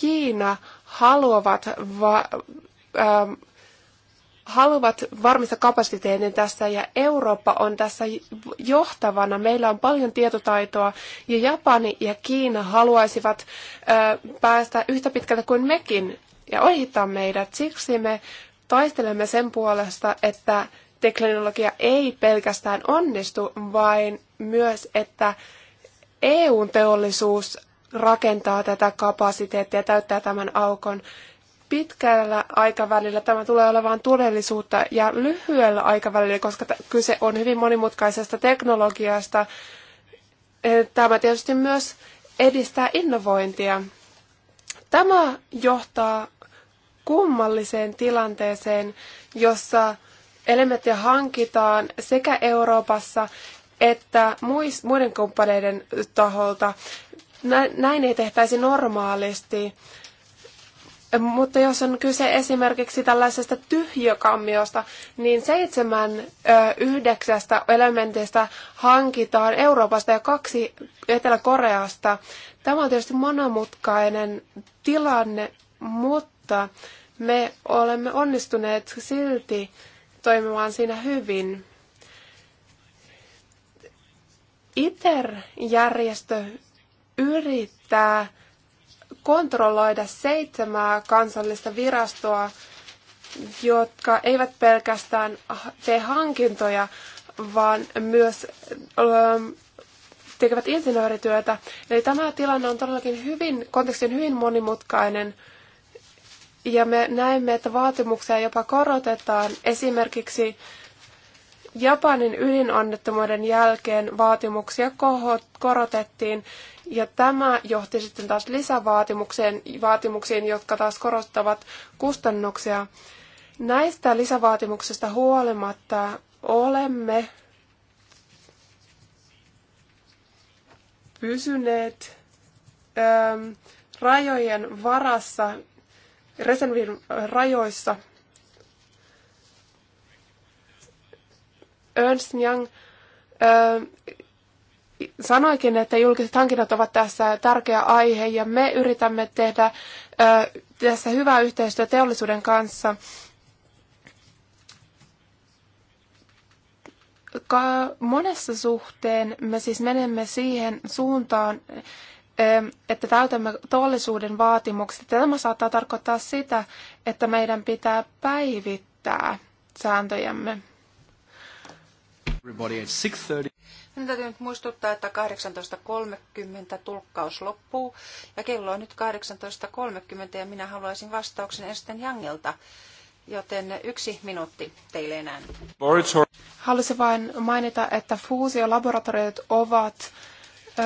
Kiina haluavat va- haluavat varmistaa kapasiteetin tässä ja Eurooppa on tässä johtavana. Meillä on paljon tietotaitoa ja Japani ja Kiina haluaisivat ö, päästä yhtä pitkältä kuin mekin ja ohittaa meidät. Siksi me taistelemme sen puolesta, että teknologia ei pelkästään onnistu, vaan myös, että eu teollisuus rakentaa tätä kapasiteettia ja täyttää tämän aukon. Pitkällä aikavälillä tämä tulee olemaan todellisuutta ja lyhyellä aikavälillä, koska kyse on hyvin monimutkaisesta teknologiasta, eh, tämä tietysti myös edistää innovointia. Tämä johtaa kummalliseen tilanteeseen, jossa elementtejä hankitaan sekä Euroopassa että muiden kumppaneiden taholta. Näin ei tehtäisi normaalisti. Mutta jos on kyse esimerkiksi tällaisesta tyhjökammiosta, niin seitsemän ö, yhdeksästä elementistä hankitaan Euroopasta ja kaksi Etelä-Koreasta. Tämä on tietysti monamutkainen tilanne, mutta me olemme onnistuneet silti toimimaan siinä hyvin. ITER-järjestö yrittää kontrolloida seitsemää kansallista virastoa, jotka eivät pelkästään tee hankintoja, vaan myös ähm, tekevät insinöörityötä. Eli tämä tilanne on todellakin hyvin, konteksti on hyvin monimutkainen. Ja me näemme, että vaatimuksia jopa korotetaan. Esimerkiksi Japanin ydinonnettomuuden jälkeen vaatimuksia korotettiin ja tämä johti sitten taas vaatimuksiin, jotka taas korostavat kustannuksia. Näistä lisävaatimuksista huolimatta olemme pysyneet äm, rajojen varassa, reservin rajoissa. Ernst Young äm, sanoikin, että julkiset hankinnat ovat tässä tärkeä aihe ja me yritämme tehdä tässä hyvää yhteistyötä teollisuuden kanssa. monessa suhteen me siis menemme siihen suuntaan, että täytämme teollisuuden vaatimukset. Tämä saattaa tarkoittaa sitä, että meidän pitää päivittää sääntöjämme. Everybody at 6.30. Minun täytyy nyt muistuttaa, että 18.30 tulkkaus loppuu ja kello on nyt 18.30 ja minä haluaisin vastauksen Esten Jangelta. Joten yksi minuutti teille enää. Haluaisin vain mainita, että fuusiolaboratoriot ovat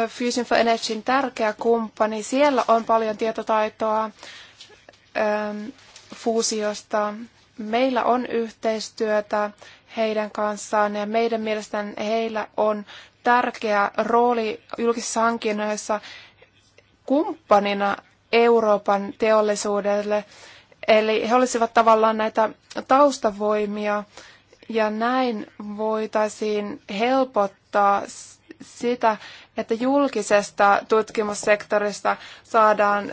Fusion for Energyn tärkeä kumppani. Siellä on paljon tietotaitoa fuusiosta. Meillä on yhteistyötä heidän kanssaan ja meidän mielestään heillä on tärkeä rooli julkisissa hankinnoissa kumppanina Euroopan teollisuudelle. Eli he olisivat tavallaan näitä taustavoimia ja näin voitaisiin helpottaa sitä, että julkisesta tutkimussektorista saadaan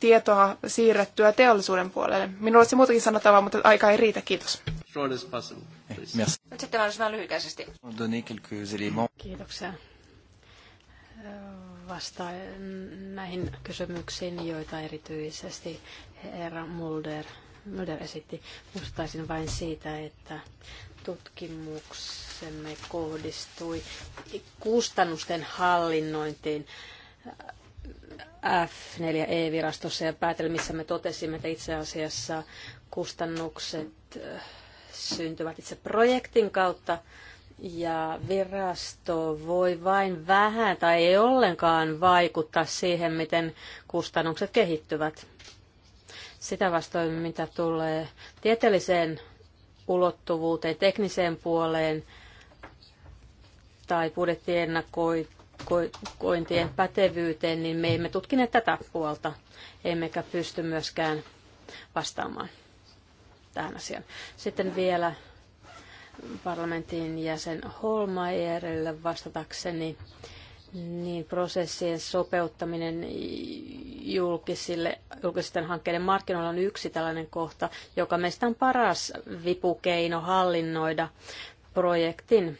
tietoa siirrettyä teollisuuden puolelle. Minulla olisi muutakin sanottavaa, mutta aika ei riitä. Kiitos. Merci. sitten mahdollisimman lyhykäisesti. Kiitoksia. Vastaan näihin kysymyksiin, joita erityisesti herra Mulder, Mulder esitti. Muistaisin vain siitä, että tutkimuksemme kohdistui kustannusten hallinnointiin F4E-virastossa ja päätelmissä me totesimme, että itse asiassa kustannukset syntyvät itse projektin kautta ja virasto voi vain vähän tai ei ollenkaan vaikuttaa siihen, miten kustannukset kehittyvät. Sitä vastoin, mitä tulee tieteelliseen ulottuvuuteen, tekniseen puoleen tai budjettiennakointien pätevyyteen, niin me emme tutkineet tätä puolta, emmekä pysty myöskään vastaamaan tähän asiaan. Sitten vielä parlamentin jäsen Holmeyerille vastatakseni niin prosessien sopeuttaminen julkisille, julkisten hankkeiden markkinoilla on yksi tällainen kohta, joka meistä on paras vipukeino hallinnoida projektin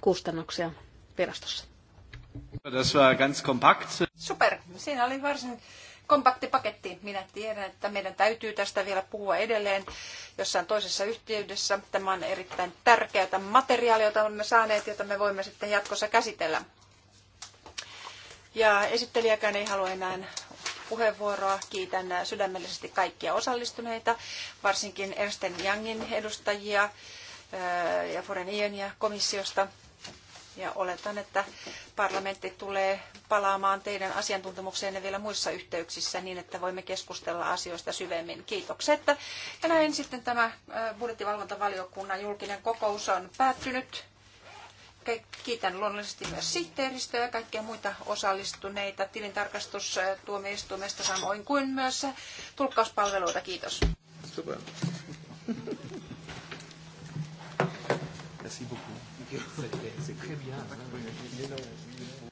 kustannuksia virastossa. Das war ganz kompakt. Super, siinä oli varsin kompakti paketti. Minä tiedän, että meidän täytyy tästä vielä puhua edelleen jossain toisessa yhteydessä. Tämä on erittäin tärkeää materiaalia, jota olemme saaneet, jota me voimme sitten jatkossa käsitellä. Ja esittelijäkään ei halua enää puheenvuoroa. Kiitän sydämellisesti kaikkia osallistuneita, varsinkin Ersten Youngin edustajia ja Foren Ionia ja komissiosta. Ja oletan, että parlamentti tulee palaamaan teidän asiantuntemukseenne vielä muissa yhteyksissä niin, että voimme keskustella asioista syvemmin. Kiitokset. Ja näin sitten tämä äh, budjettivalvontavaliokunnan julkinen kokous on päättynyt. Kiitän luonnollisesti myös sihteeristöä ja kaikkia muita osallistuneita tilintarkastustuomioistuimesta samoin kuin myös tulkkauspalveluita. Kiitos. Super. Merci beaucoup. C'était très bien. Hein.